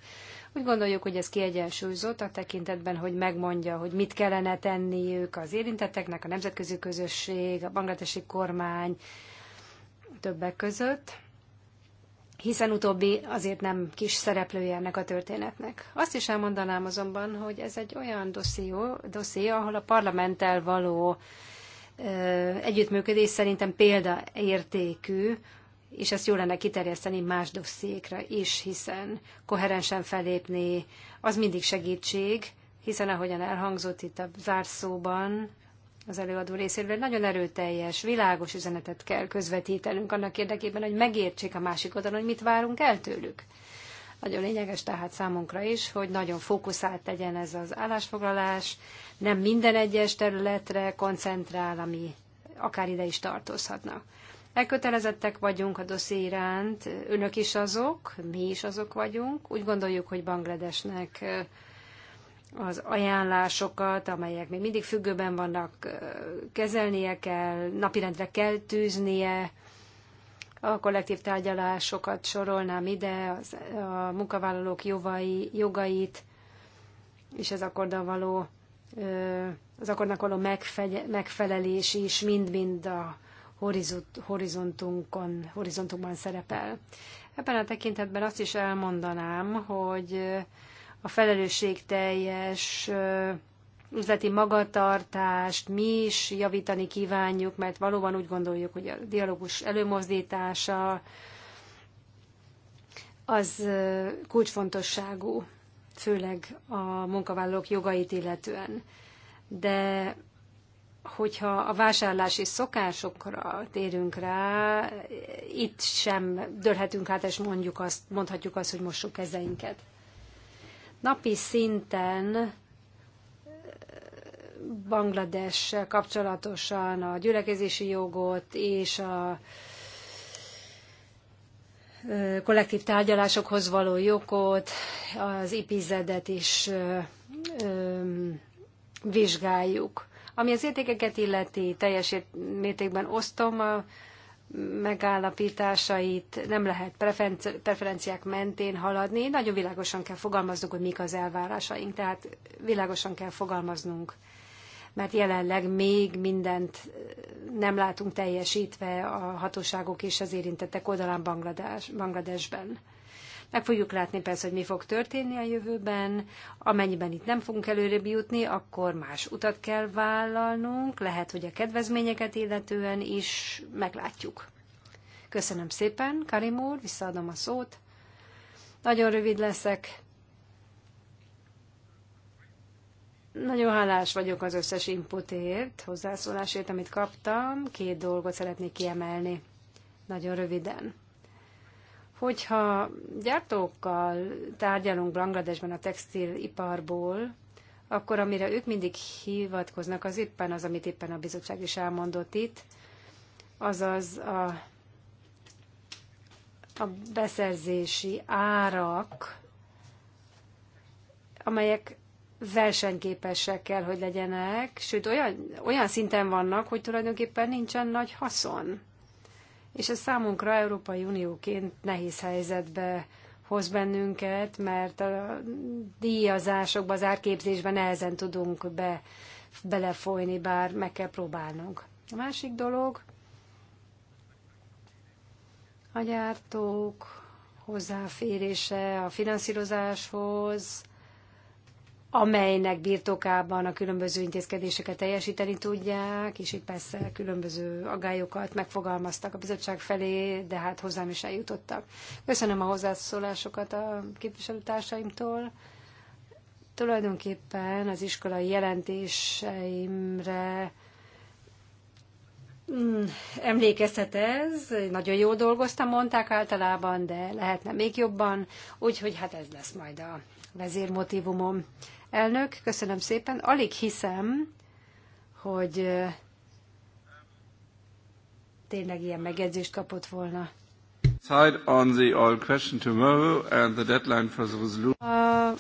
Úgy gondoljuk, hogy ez kiegyensúlyozott a tekintetben, hogy megmondja, hogy mit kellene ők az érintetteknek, a nemzetközi közösség, a bangladesi kormány többek között hiszen utóbbi azért nem kis szereplője ennek a történetnek. Azt is elmondanám azonban, hogy ez egy olyan dosszió, dosszió ahol a parlamenttel való ö, együttműködés szerintem példaértékű, és ezt jól lenne kiterjeszteni más dossziékra is, hiszen koherensen felépni az mindig segítség, hiszen ahogyan elhangzott itt a zárszóban, az előadó részéről. Nagyon erőteljes, világos üzenetet kell közvetítenünk annak érdekében, hogy megértsék a másik oldalon, hogy mit várunk el tőlük. Nagyon lényeges tehát számunkra is, hogy nagyon fókuszált legyen ez az állásfoglalás, nem minden egyes területre koncentrál, ami akár ide is tartozhatna. Elkötelezettek vagyunk a doszi iránt, önök is azok, mi is azok vagyunk. Úgy gondoljuk, hogy Bangladesnek az ajánlásokat, amelyek még mindig függőben vannak, kezelnie kell, napirendre kell tűznie, a kollektív tárgyalásokat sorolnám ide, az, a munkavállalók jogai, jogait, és ez akkordan való, az akkordnak való megfegye, megfelelés is mind-mind a horizontunkon, horizontunkban szerepel. Ebben a tekintetben azt is elmondanám, hogy a felelősségteljes üzleti magatartást mi is javítani kívánjuk, mert valóban úgy gondoljuk, hogy a dialógus előmozdítása az kulcsfontosságú, főleg a munkavállalók jogait illetően. De hogyha a vásárlási szokásokra térünk rá, itt sem dörhetünk át, és mondjuk azt, mondhatjuk azt, hogy mossuk kezeinket napi szinten Banglades kapcsolatosan a gyülekezési jogot és a kollektív tárgyalásokhoz való jogot, az ipizedet is vizsgáljuk. Ami az értékeket illeti, teljes mértékben osztom a megállapításait nem lehet preferenciák mentén haladni, nagyon világosan kell fogalmaznunk, hogy mik az elvárásaink, tehát világosan kell fogalmaznunk, mert jelenleg még mindent eh, nem látunk teljesítve a hatóságok és az érintettek oldalán Banglades, Bangladesben. Meg fogjuk látni persze, hogy mi fog történni a jövőben. Amennyiben itt nem fogunk előrébb jutni, akkor más utat kell vállalnunk. Lehet, hogy a kedvezményeket illetően is meglátjuk. Köszönöm szépen, Karim úr, visszaadom a szót. Nagyon rövid leszek. Nagyon hálás vagyok az összes inputért, hozzászólásért, amit kaptam. Két dolgot szeretnék kiemelni. Nagyon röviden. Hogyha gyártókkal tárgyalunk Bangladesben a textiliparból, akkor amire ők mindig hivatkoznak, az éppen az, amit éppen a bizottság is elmondott itt, azaz a, a beszerzési árak, amelyek versenyképesek kell, hogy legyenek, sőt olyan, olyan szinten vannak, hogy tulajdonképpen nincsen nagy haszon és ez számunkra Európai Unióként nehéz helyzetbe hoz bennünket, mert a díjazásokban, az árképzésben nehezen tudunk be, belefolyni, bár meg kell próbálnunk. A másik dolog, a gyártók hozzáférése a finanszírozáshoz, amelynek birtokában a különböző intézkedéseket teljesíteni tudják, és itt persze különböző agályokat megfogalmaztak a bizottság felé, de hát hozzám is eljutottak. Köszönöm a hozzászólásokat a képviselőtársaimtól. Tulajdonképpen az iskolai jelentéseimre hmm, Emlékeztet ez, nagyon jól dolgoztam, mondták általában, de lehetne még jobban, úgyhogy hát ez lesz majd a vezérmotívumom. Elnök, köszönöm szépen. Alig hiszem, hogy tényleg ilyen megjegyzést kapott volna. A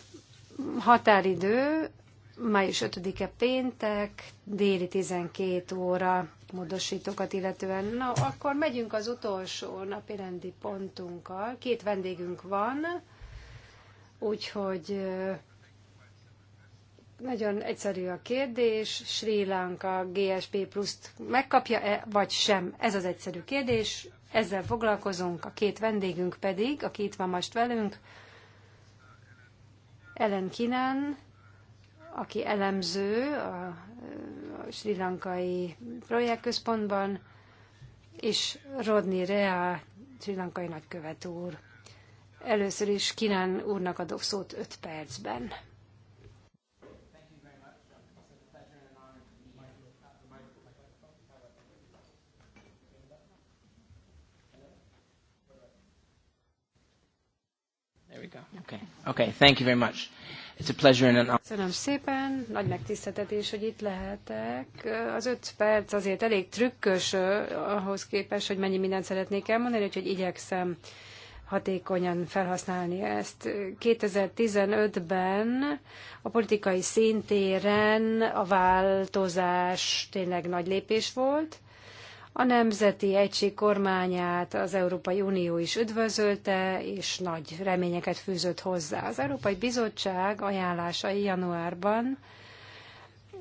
határidő május 5-e péntek, déli 12 óra módosítókat illetően. Na, akkor megyünk az utolsó napi rendi pontunkkal. Két vendégünk van, úgyhogy nagyon egyszerű a kérdés, Sri Lanka GSP pluszt megkapja-e, vagy sem? Ez az egyszerű kérdés, ezzel foglalkozunk, a két vendégünk pedig, aki itt van most velünk, Ellen Kinan, aki elemző a, Sri Lankai projektközpontban, és Rodney Rea, Sri Lankai nagykövet úr. Először is Kinan úrnak adok szót öt percben. There we go. Okay. Okay, thank you very much. It's a pleasure and an Köszönöm szépen, nagy megtiszteltetés, hogy itt lehetek. Az öt perc azért elég trükkös ahhoz képest, hogy mennyi mindent szeretnék elmondani, úgyhogy igyekszem hatékonyan felhasználni ezt. 2015-ben a politikai szintéren a változás tényleg nagy lépés volt, a Nemzeti Egység kormányát az Európai Unió is üdvözölte, és nagy reményeket fűzött hozzá. Az Európai Bizottság ajánlásai januárban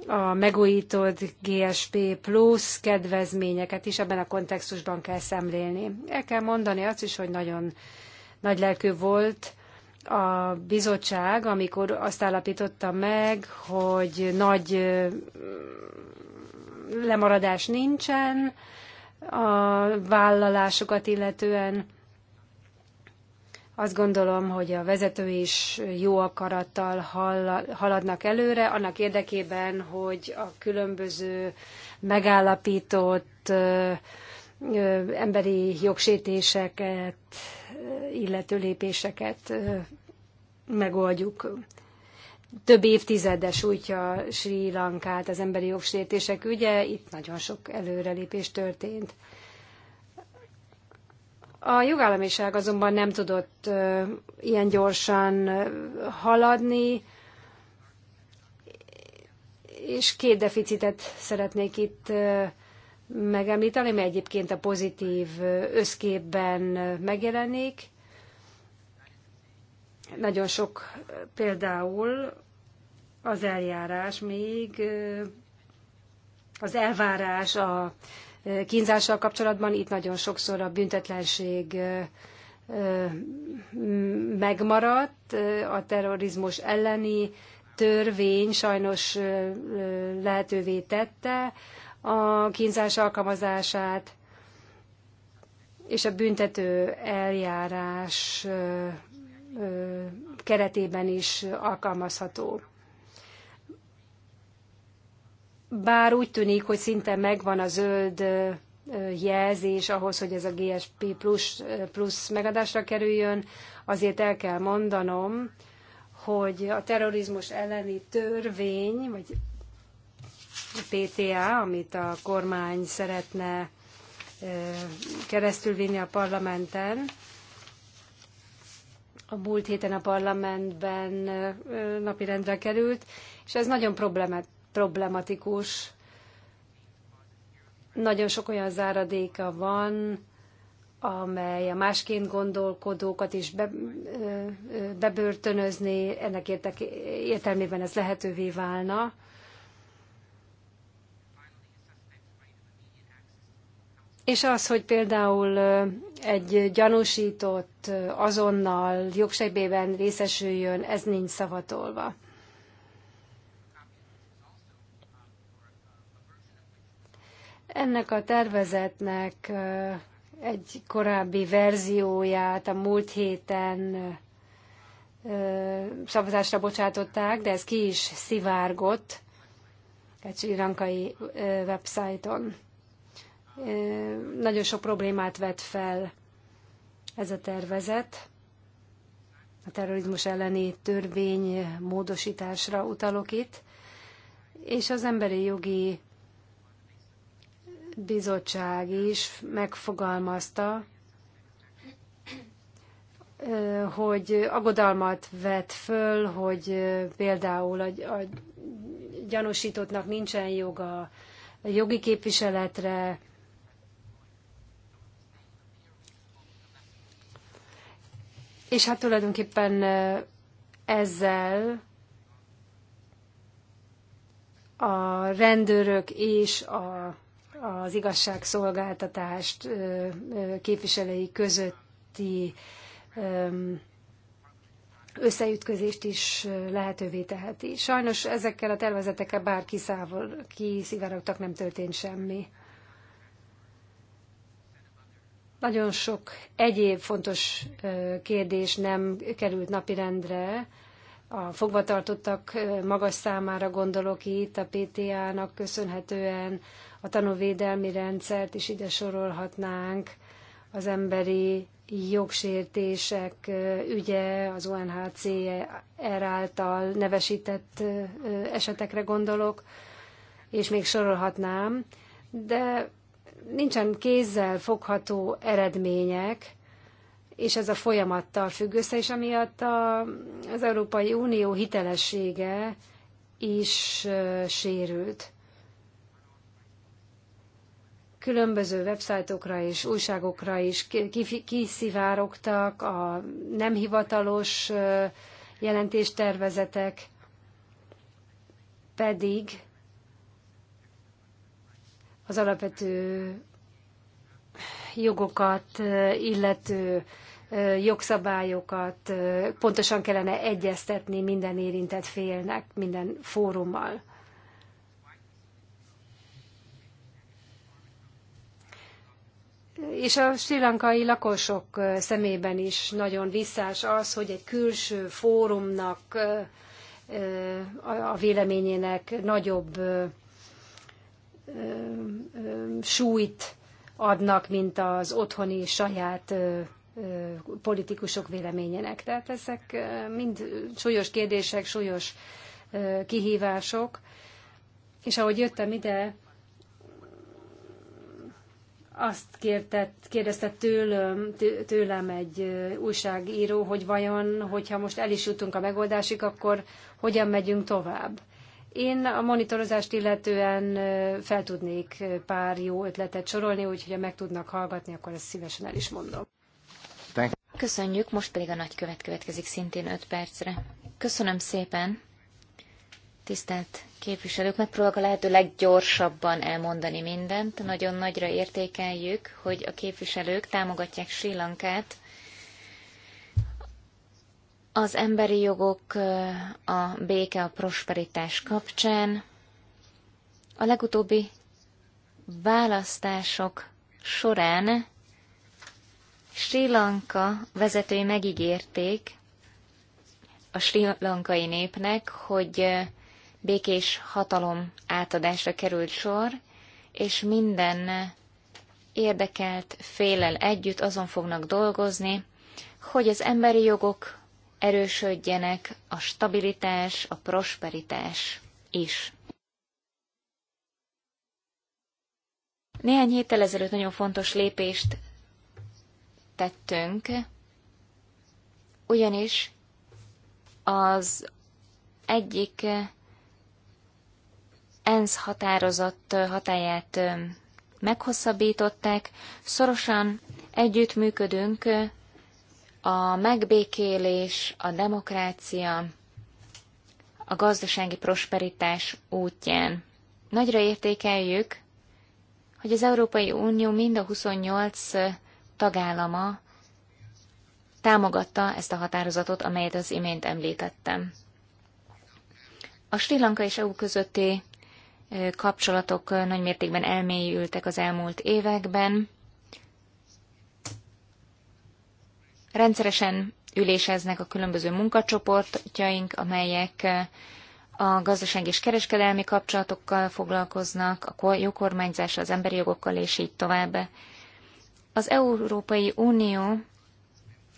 a megújított GSP plusz kedvezményeket is ebben a kontextusban kell szemlélni. El kell mondani azt is, hogy nagyon nagy lelkű volt a bizottság, amikor azt állapította meg, hogy nagy lemaradás nincsen a vállalásokat illetően. Azt gondolom, hogy a vezető is jó akarattal haladnak előre, annak érdekében, hogy a különböző megállapított emberi jogsértéseket, illető lépéseket megoldjuk több évtizedes útja Sri Lankát az emberi jogsértések ügye, itt nagyon sok előrelépés történt. A jogállamiság azonban nem tudott ilyen gyorsan haladni, és két deficitet szeretnék itt megemlíteni, ami egyébként a pozitív összképben megjelenik. Nagyon sok például az eljárás még az elvárás a kínzással kapcsolatban, itt nagyon sokszor a büntetlenség megmaradt, a terrorizmus elleni törvény sajnos lehetővé tette a kínzás alkalmazását, és a büntető eljárás keretében is alkalmazható. Bár úgy tűnik, hogy szinte megvan a zöld jelzés ahhoz, hogy ez a GSP plusz, plusz megadásra kerüljön, azért el kell mondanom, hogy a terrorizmus elleni törvény, vagy PTA, amit a kormány szeretne keresztülvinni a parlamenten, a múlt héten a parlamentben napirendre került, és ez nagyon problematikus. Nagyon sok olyan záradéka van, amely a másként gondolkodókat is be, bebörtönözni, ennek értelmében ez lehetővé válna. és az, hogy például egy gyanúsított azonnal jogsebében részesüljön, ez nincs szavatolva. Ennek a tervezetnek egy korábbi verzióját a múlt héten szavazásra bocsátották, de ez ki is szivárgott egy sri lankai websájton nagyon sok problémát vet fel ez a tervezet. A terrorizmus elleni törvény módosításra utalok itt, és az emberi jogi bizottság is megfogalmazta, hogy agodalmat vet föl, hogy például a, a gyanúsítottnak nincsen joga jogi képviseletre, És hát tulajdonképpen ezzel a rendőrök és a, az igazságszolgáltatást képviselői közötti összeütközést is lehetővé teheti. Sajnos ezekkel a tervezetekkel bár kiszivárogtak, nem történt semmi. Nagyon sok egyéb fontos kérdés nem került napirendre. A fogvatartottak magas számára gondolok itt, a PTA-nak köszönhetően a tanúvédelmi rendszert is ide sorolhatnánk, az emberi jogsértések ügye, az UNHCR által nevesített esetekre gondolok, és még sorolhatnám, de nincsen kézzel fogható eredmények, és ez a folyamattal függ össze, és amiatt a, az Európai Unió hitelessége is sérült. Különböző websájtokra és újságokra is kiszivárogtak a nem hivatalos jelentéstervezetek, pedig az alapvető jogokat illető jogszabályokat pontosan kellene egyeztetni minden érintett félnek, minden fórummal. És a sri lankai lakosok szemében is nagyon visszás az, hogy egy külső fórumnak a véleményének nagyobb súlyt adnak, mint az otthoni saját politikusok véleményének. Tehát ezek mind súlyos kérdések, súlyos kihívások. És ahogy jöttem ide, azt kértett, kérdezte tőlem, tőlem egy újságíró, hogy vajon, hogyha most el is jutunk a megoldásig, akkor hogyan megyünk tovább. Én a monitorozást illetően fel tudnék pár jó ötletet sorolni, úgyhogy ha meg tudnak hallgatni, akkor ezt szívesen el is mondom. Köszönjük, most pedig a nagykövet következik szintén 5 percre. Köszönöm szépen, tisztelt képviselők, megpróbálok a lehető leggyorsabban elmondani mindent. Nagyon nagyra értékeljük, hogy a képviselők támogatják Sri Lankát az emberi jogok, a béke, a prosperitás kapcsán. A legutóbbi választások során Sri Lanka vezetői megígérték a sri lankai népnek, hogy békés hatalom átadásra került sor, és minden érdekelt félel együtt azon fognak dolgozni, hogy az emberi jogok erősödjenek a stabilitás, a prosperitás is. Néhány héttel ezelőtt nagyon fontos lépést tettünk, ugyanis az egyik ENSZ határozott hatáját meghosszabbították, szorosan együttműködünk a megbékélés, a demokrácia, a gazdasági prosperitás útján. Nagyra értékeljük, hogy az Európai Unió mind a 28 tagállama támogatta ezt a határozatot, amelyet az imént említettem. A Sri Lanka és EU közötti kapcsolatok nagymértékben elmélyültek az elmúlt években. Rendszeresen üléseznek a különböző munkacsoportjaink, amelyek eh, a gazdaság és kereskedelmi kapcsolatokkal foglalkoznak, a jó az emberi jogokkal, és így tovább. Az Európai Unió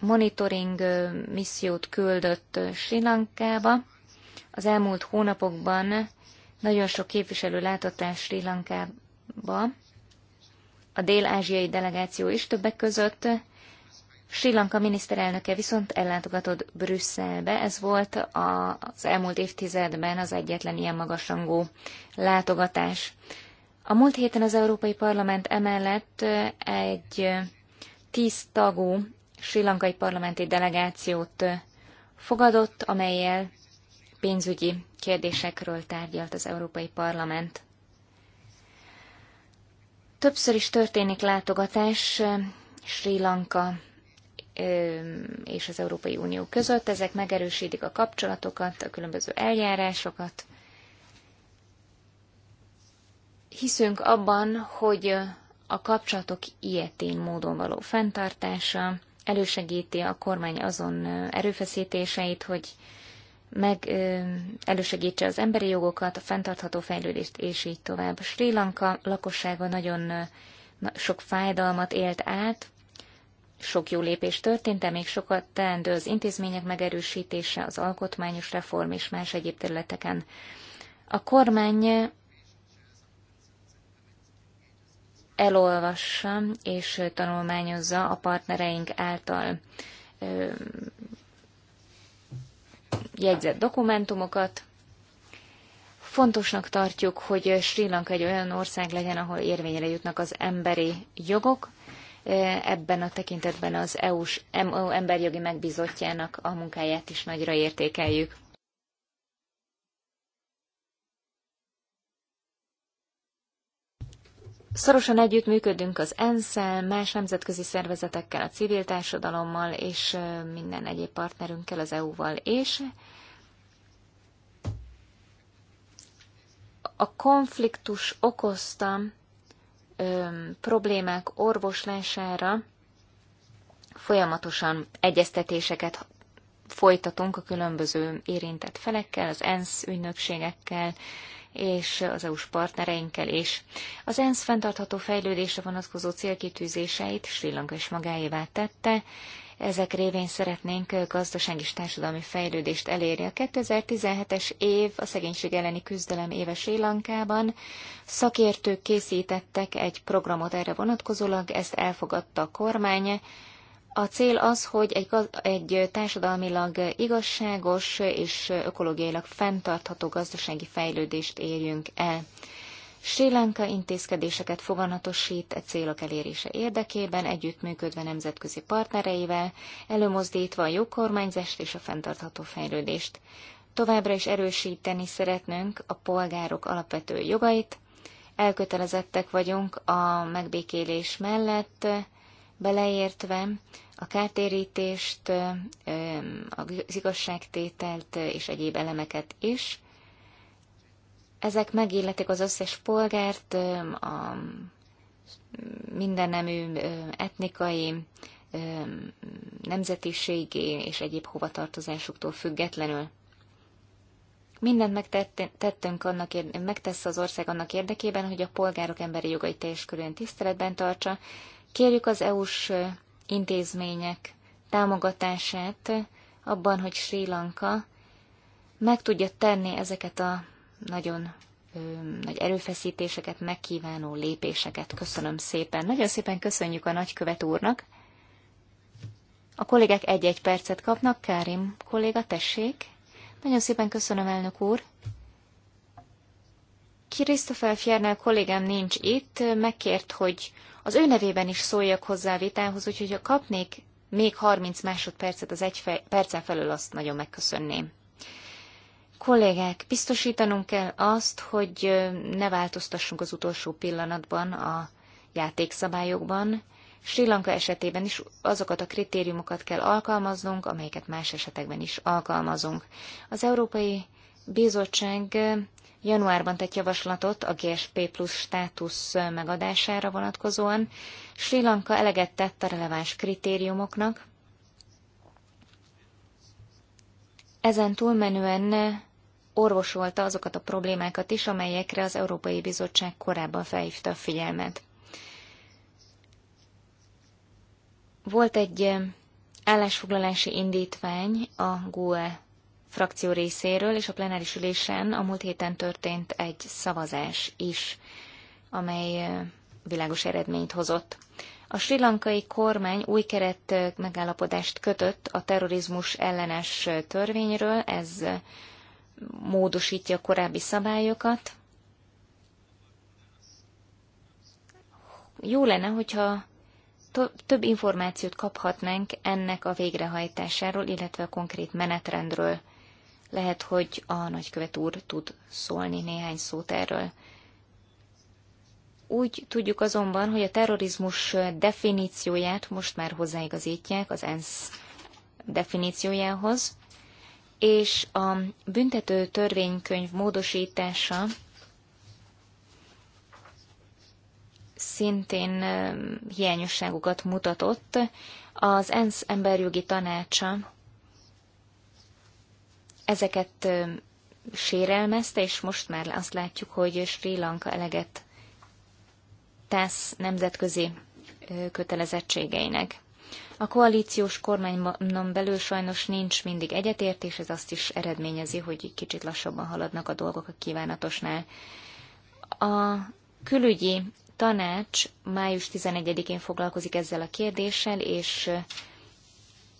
monitoring eh, missziót küldött eh, Sri Lankába. Az elmúlt hónapokban nagyon sok képviselő látott el Sri Lankába. A dél-ázsiai delegáció is többek között, Sri Lanka miniszterelnöke viszont ellátogatott Brüsszelbe, ez volt az elmúlt évtizedben az egyetlen ilyen magasrangú látogatás. A múlt héten az Európai Parlament emellett eh, egy eh, tíz tagú Sri Lankai parlamenti delegációt eh, fogadott, amelyel pénzügyi kérdésekről tárgyalt az Európai Parlament. Többször is történik látogatás Sri Lanka és az Európai Unió között. Ezek megerősítik a kapcsolatokat, a különböző eljárásokat. Hiszünk abban, hogy a kapcsolatok ilyetén módon való fenntartása elősegíti a kormány azon erőfeszítéseit, hogy meg elősegítse az emberi jogokat, a fenntartható fejlődést, és így tovább. Sri Lanka lakossága nagyon sok fájdalmat élt át, sok jó lépés történt, de még sokat teendő az intézmények megerősítése, az alkotmányos reform és más egyéb területeken. A kormány elolvassa és tanulmányozza a partnereink által jegyzett dokumentumokat. Fontosnak tartjuk, hogy Sri Lanka egy olyan ország legyen, ahol érvényre jutnak az emberi jogok, E, ebben a tekintetben az EU-s e emberjogi megbizottjának a munkáját is nagyra értékeljük. Szorosan együttműködünk az ensz más nemzetközi szervezetekkel, a civil társadalommal és e, minden egyéb partnerünkkel, az EU-val, és a konfliktus okozta problémák orvoslására folyamatosan egyeztetéseket folytatunk a különböző érintett felekkel, az ENSZ ügynökségekkel, és az EU-s partnereinkkel is. Az ENSZ fenntartható fejlődésre vonatkozó célkitűzéseit Sri Lanka is magáévá tette, ezek révén szeretnénk gazdasági és társadalmi fejlődést elérni. A 2017-es év a szegénység elleni küzdelem éves Sri Lankában. Szakértők készítettek egy programot erre vonatkozólag, ezt elfogadta a kormány. A cél az, hogy egy, egy társadalmilag igazságos és ökológiailag fenntartható gazdasági fejlődést érjünk el. Sri Lanka intézkedéseket foganatosít e célok elérése érdekében, együttműködve nemzetközi partnereivel, előmozdítva a jó kormányzást és a fenntartható fejlődést. Továbbra is erősíteni szeretnünk a polgárok alapvető jogait, elkötelezettek vagyunk a megbékélés mellett, beleértve a kártérítést, az igazságtételt és egyéb elemeket is, ezek megilletik az összes polgárt, a mindennemű etnikai, nemzetiségi és egyéb hovatartozásuktól függetlenül. Mindent megtettünk annak, megtesz az ország annak érdekében, hogy a polgárok emberi jogait teljes körűen tiszteletben tartsa. Kérjük az EU-s intézmények támogatását abban, hogy Sri Lanka meg tudja tenni ezeket a nagyon nagy erőfeszítéseket, megkívánó lépéseket. Köszönöm szépen. Nagyon szépen köszönjük a nagykövet úrnak. A kollégák egy-egy percet kapnak. Kárim kolléga, tessék. Nagyon szépen köszönöm, elnök úr. Krisztofel Fjernel kollégám nincs itt, megkért, hogy az ő nevében is szóljak hozzá a vitához, úgyhogy ha kapnék még 30 másodpercet az egy percen felül, azt nagyon megköszönném. Kollégák, biztosítanunk kell azt, hogy ne változtassunk az utolsó pillanatban a játékszabályokban. Sri Lanka esetében is azokat a kritériumokat kell alkalmaznunk, amelyeket más esetekben is alkalmazunk. Az Európai Bizottság januárban tett javaslatot a GSP plusz státusz megadására vonatkozóan. Sri Lanka eleget tett a releváns kritériumoknak. Ezen túlmenően orvosolta azokat a problémákat is, amelyekre az Európai Bizottság korábban felhívta a figyelmet. Volt egy eh, állásfoglalási indítvány a GUE frakció részéről, és a plenáris ülésen a múlt héten történt egy szavazás is, amely eh, világos eredményt hozott. A sri lankai kormány új keret megállapodást kötött a terrorizmus ellenes eh, törvényről, ez módosítja a korábbi szabályokat. Jó lenne, hogyha több információt kaphatnánk ennek a végrehajtásáról, illetve a konkrét menetrendről. Lehet, hogy a nagykövet úr tud szólni néhány szót erről. Úgy tudjuk azonban, hogy a terrorizmus definícióját most már hozzáigazítják az ENSZ definíciójához és a büntető törvénykönyv módosítása szintén hiányosságokat mutatott. Az ENSZ emberjogi tanácsa ezeket sérelmezte, és most már azt látjuk, hogy Sri Lanka eleget tesz nemzetközi kötelezettségeinek. A koalíciós kormányon belül sajnos nincs mindig egyetértés, ez azt is eredményezi, hogy kicsit lassabban haladnak a dolgok a kívánatosnál. A külügyi tanács május 11-én foglalkozik ezzel a kérdéssel, és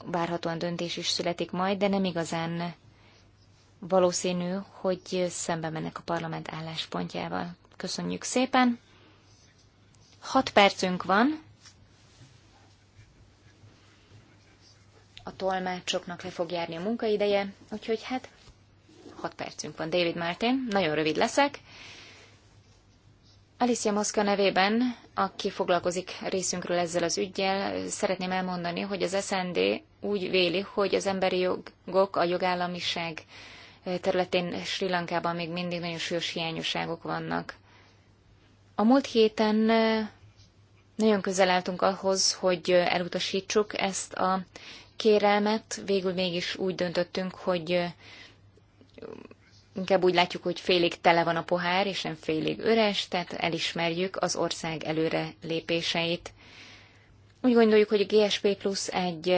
várhatóan döntés is születik majd, de nem igazán valószínű, hogy szembe mennek a parlament álláspontjával. Köszönjük szépen! Hat percünk van, a tolmácsoknak le fog járni a munkaideje, úgyhogy hát 6 percünk van. David Martin, nagyon rövid leszek. Alicia Moszka nevében, aki foglalkozik részünkről ezzel az ügyjel, szeretném elmondani, hogy az SND úgy véli, hogy az emberi jogok, a jogállamiság területén Sri Lankában még mindig nagyon súlyos hiányosságok vannak. A múlt héten eh, nagyon közel álltunk ahhoz, hogy eh, elutasítsuk ezt a kérelmet. Végül mégis úgy döntöttünk, hogy inkább úgy látjuk, hogy félig tele van a pohár, és nem félig üres, tehát elismerjük az ország előre lépéseit. Úgy gondoljuk, hogy a GSP Plus egy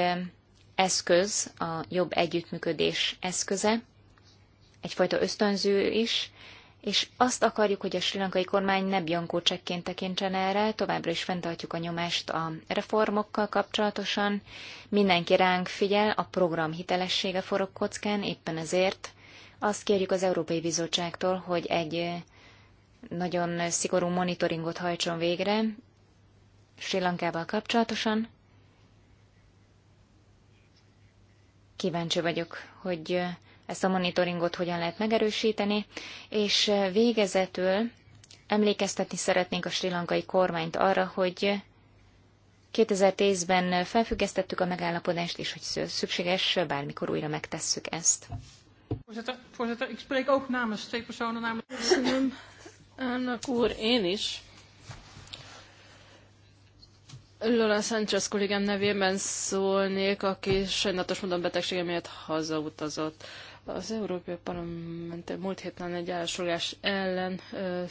eszköz, a jobb együttműködés eszköze, egyfajta ösztönző is, és azt akarjuk, hogy a sri lankai kormány ne biankó csekként tekintsen erre, továbbra is fenntartjuk a nyomást a reformokkal kapcsolatosan. Mindenki ránk figyel, a program hitelessége forog kockán, éppen ezért azt kérjük az Európai Bizottságtól, hogy egy nagyon szigorú monitoringot hajtson végre Sri Lankával kapcsolatosan. Kíváncsi vagyok, hogy ezt a monitoringot hogyan lehet megerősíteni, és eh, végezetül emlékeztetni szeretnénk a sri lankai kormányt arra, hogy 2010-ben felfüggesztettük a megállapodást, és hogy szükséges, bármikor újra megtesszük ezt. Voorzitter, Köszönöm, elnök úr, én is. Lola Sanchez kollégám nevében szólnék, aki sajnálatos módon betegsége miatt hazautazott. Az Európai Parlament múlt héten egy állásolás ellen ö,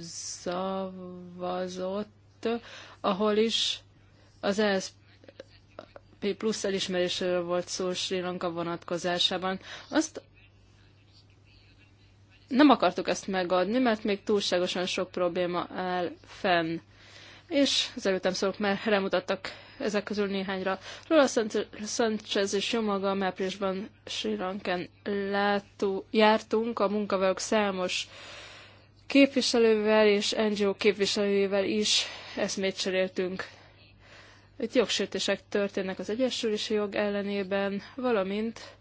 szavazott, ahol is az ESP plusz elismeréséről volt szó Sri Lanka vonatkozásában. Azt nem akartuk ezt megadni, mert még túlságosan sok probléma áll fenn. És az előttem szólok már remutattak ezek közül néhányra. Lola Sanchez és jó magam áprilisban Sri Lankan látó, jártunk a munkavelők számos képviselővel és NGO képviselőjével is eszmét cseréltünk. Itt jogsértések történnek az egyesülési jog ellenében, valamint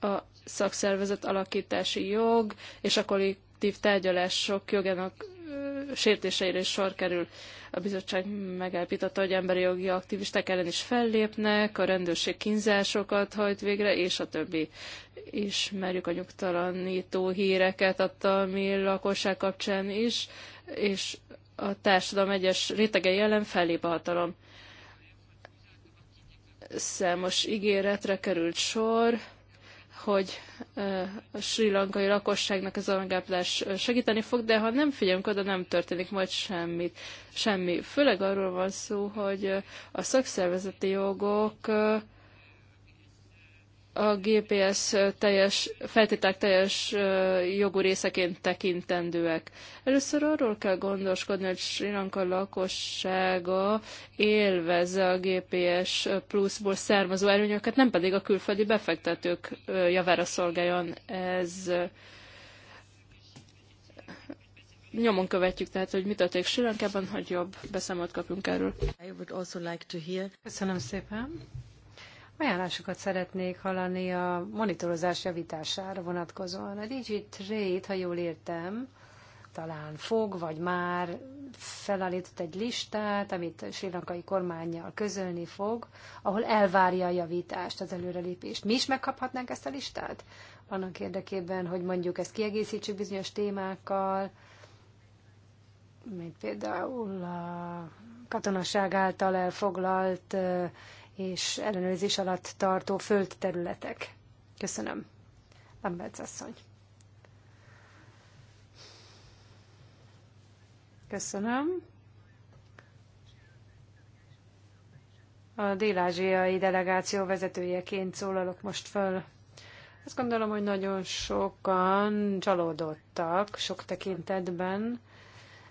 a szakszervezet alakítási jog és a kollektív tárgyalások jogának sértéseire is sor kerül. A bizottság megállapította, hogy emberi jogi aktivisták ellen is fellépnek, a rendőrség kínzásokat hajt végre, és a többi. Ismerjük a nyugtalanító híreket a mi lakosság kapcsán is, és a társadalom egyes rétege jelen fellép a hatalom. Számos ígéretre került sor, hogy a sri lankai lakosságnak ez a megállapodás segíteni fog, de ha nem figyelünk oda, nem történik majd semmit. Semmi. Főleg arról van szó, hogy a szakszervezeti jogok a GPS teljes, feltételek teljes jogú részeként tekintendőek. Először arról kell gondoskodni, hogy Sri Lanka lakossága élvezze a GPS pluszból származó előnyöket, nem pedig a külföldi befektetők javára szolgáljon ez nyomon követjük, tehát hogy mi történik Sri Lankában, hogy jobb beszámolt kapjunk erről. I would also like to hear. Köszönöm szépen. Ajánlásokat szeretnék hallani a monitorozás javítására vonatkozóan. A DigiTrade, ha jól értem, talán fog, vagy már felállított egy listát, amit sri lankai kormányjal közölni fog, ahol elvárja a javítást, az előrelépést. Mi is megkaphatnánk ezt a listát? Annak érdekében, hogy mondjuk ezt kiegészítsük bizonyos témákkal, mint például a katonaság által elfoglalt és ellenőrzés alatt tartó földterületek. Köszönöm. Lambertz asszony. Köszönöm. A dél-ázsiai delegáció vezetőjeként szólalok most föl. Azt gondolom, hogy nagyon sokan csalódottak sok tekintetben,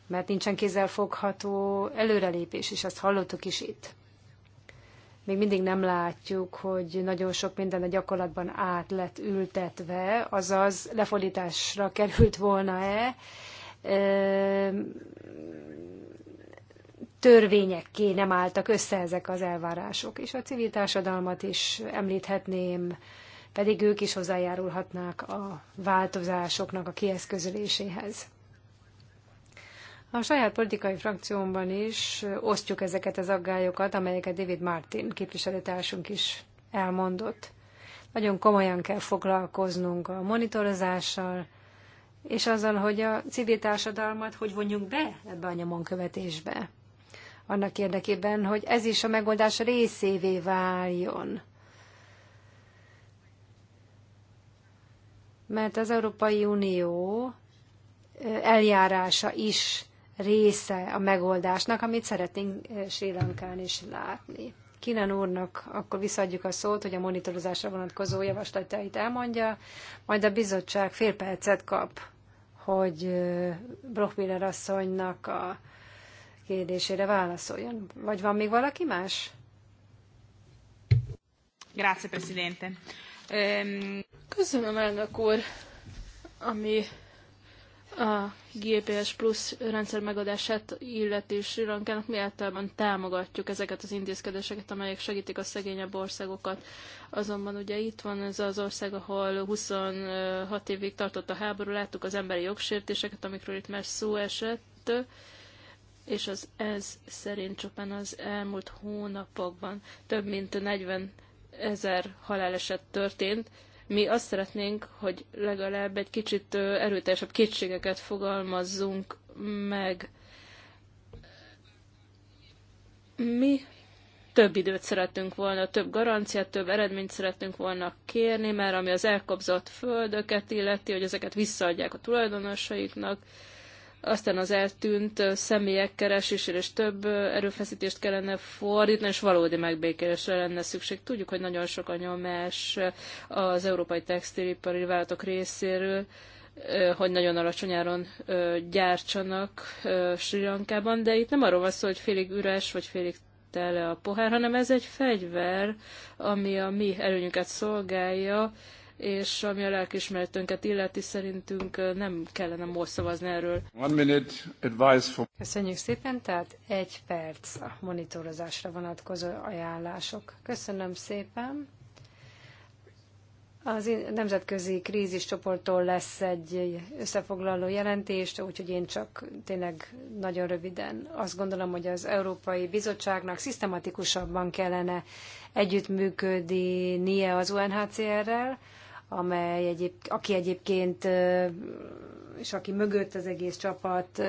mert nincsen kézzelfogható előrelépés, és ezt hallottuk is itt még mindig nem látjuk, hogy nagyon sok minden a gyakorlatban át lett ültetve, azaz lefordításra került volna-e törvényekké nem álltak össze ezek az elvárások. És a civil társadalmat is említhetném, pedig ők is hozzájárulhatnák a változásoknak a kieszközöléséhez. A saját politikai frakciómban is osztjuk ezeket az aggályokat, amelyeket David Martin képviselőtársunk is elmondott. Nagyon komolyan kell foglalkoznunk a monitorozással, és azzal, hogy a civil társadalmat hogy vonjunk be ebbe a nyomonkövetésbe. Annak érdekében, hogy ez is a megoldás részévé váljon. Mert az Európai Unió eljárása is része a megoldásnak, amit szeretnénk eh, Sri Lankán is látni. Kínan úrnak akkor visszaadjuk a szót, hogy a monitorozásra vonatkozó javaslatait elmondja, majd a bizottság fél percet kap, hogy eh, Brockmiller asszonynak a kérdésére válaszoljon. Vagy van még valaki más? Grazie, Presidente. Um... Köszönöm, elnök úr, ami a GPS Plus rendszer megadását illeti Sri Lankának mi általában támogatjuk ezeket az intézkedéseket, amelyek segítik a szegényebb országokat. Azonban ugye itt van ez az ország, ahol 26 évig tartott a háború, láttuk az emberi jogsértéseket, amikről itt már szó esett, és az ez szerint csupán az elmúlt hónapokban több mint 40 ezer haláleset történt, mi azt szeretnénk, hogy legalább egy kicsit erőteljesebb kétségeket fogalmazzunk meg. Mi több időt szeretünk volna, több garanciát, több eredményt szeretünk volna kérni, mert ami az elkobzott földöket illeti, hogy ezeket visszaadják a tulajdonosaiknak, aztán az eltűnt személyek keresésére és több erőfeszítést kellene fordítani, és valódi megbékélésre lenne szükség. Tudjuk, hogy nagyon sok a nyomás az európai textilipari vállalatok részéről, hogy nagyon alacsony áron gyártsanak Sri Lankában, de itt nem arról van szó, hogy félig üres vagy félig tele a pohár, hanem ez egy fegyver, ami a mi előnyünket szolgálja, és ami a lelkismeretünket illeti, szerintünk nem kellene most szavazni erről. One minute advice for... Köszönjük szépen, tehát egy perc a monitorozásra vonatkozó ajánlások. Köszönöm szépen. Az nemzetközi kríziscsoporttól lesz egy összefoglaló jelentést, úgyhogy én csak tényleg nagyon röviden azt gondolom, hogy az Európai Bizottságnak szisztematikusabban kellene együttműködnie az UNHCR-rel, amely egyéb, aki egyébként, és aki mögött az egész csapat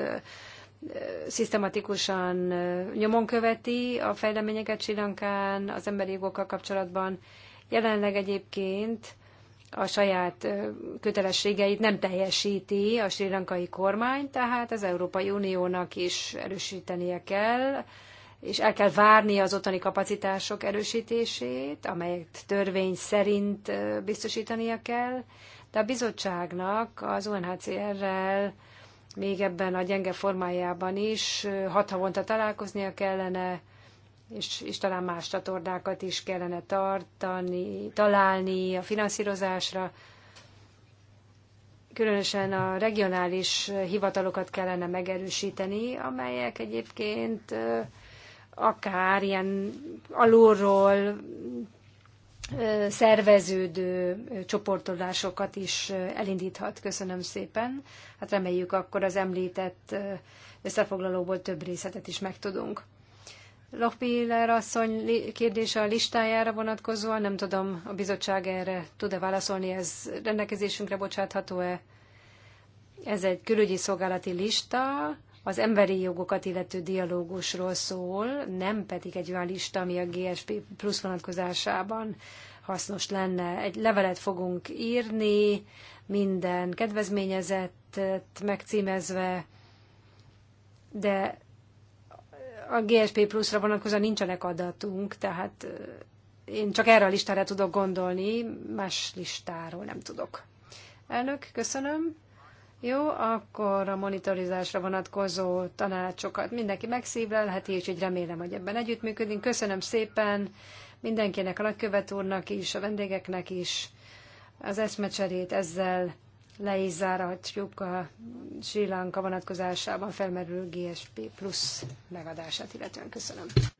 szisztematikusan nyomon követi a fejleményeket Sri az emberi jogokkal kapcsolatban. Jelenleg egyébként a saját kötelességeit nem teljesíti a sri lankai kormány, tehát az Európai Uniónak is erősítenie kell és el kell várni az otthoni kapacitások erősítését, amelyet törvény szerint biztosítania kell, de a bizottságnak az UNHCR-rel még ebben a gyenge formájában is hat havonta találkoznia kellene, és, és talán más csatornákat is kellene tartani, találni a finanszírozásra. Különösen a regionális hivatalokat kellene megerősíteni, amelyek egyébként akár ilyen alulról szerveződő csoportolásokat is elindíthat. Köszönöm szépen. Hát reméljük akkor az említett összefoglalóból több részletet is megtudunk. Lochbiller asszony kérdése a listájára vonatkozóan, nem tudom, a bizottság erre tud-e válaszolni, ez rendelkezésünkre bocsátható-e? Ez egy külügyi szolgálati lista, az emberi jogokat illető dialógusról szól, nem pedig egy olyan lista, ami a GSP plusz vonatkozásában hasznos lenne. Egy levelet fogunk írni, minden kedvezményezettet megcímezve, de a GSP pluszra vonatkozóan nincsenek adatunk, tehát eh, én csak erre a listára tudok gondolni, más listáról nem tudok. Elnök, köszönöm. Jó, akkor a monitorizásra vonatkozó tanácsokat mindenki megszívlelheti, és így remélem, hogy ebben együttműködünk. Köszönöm szépen mindenkinek, a nagykövet úrnak is, a vendégeknek is az eszmecserét ezzel le is zárhatjuk a Sri Lanka vonatkozásában felmerülő GSP plusz megadását, illetően köszönöm.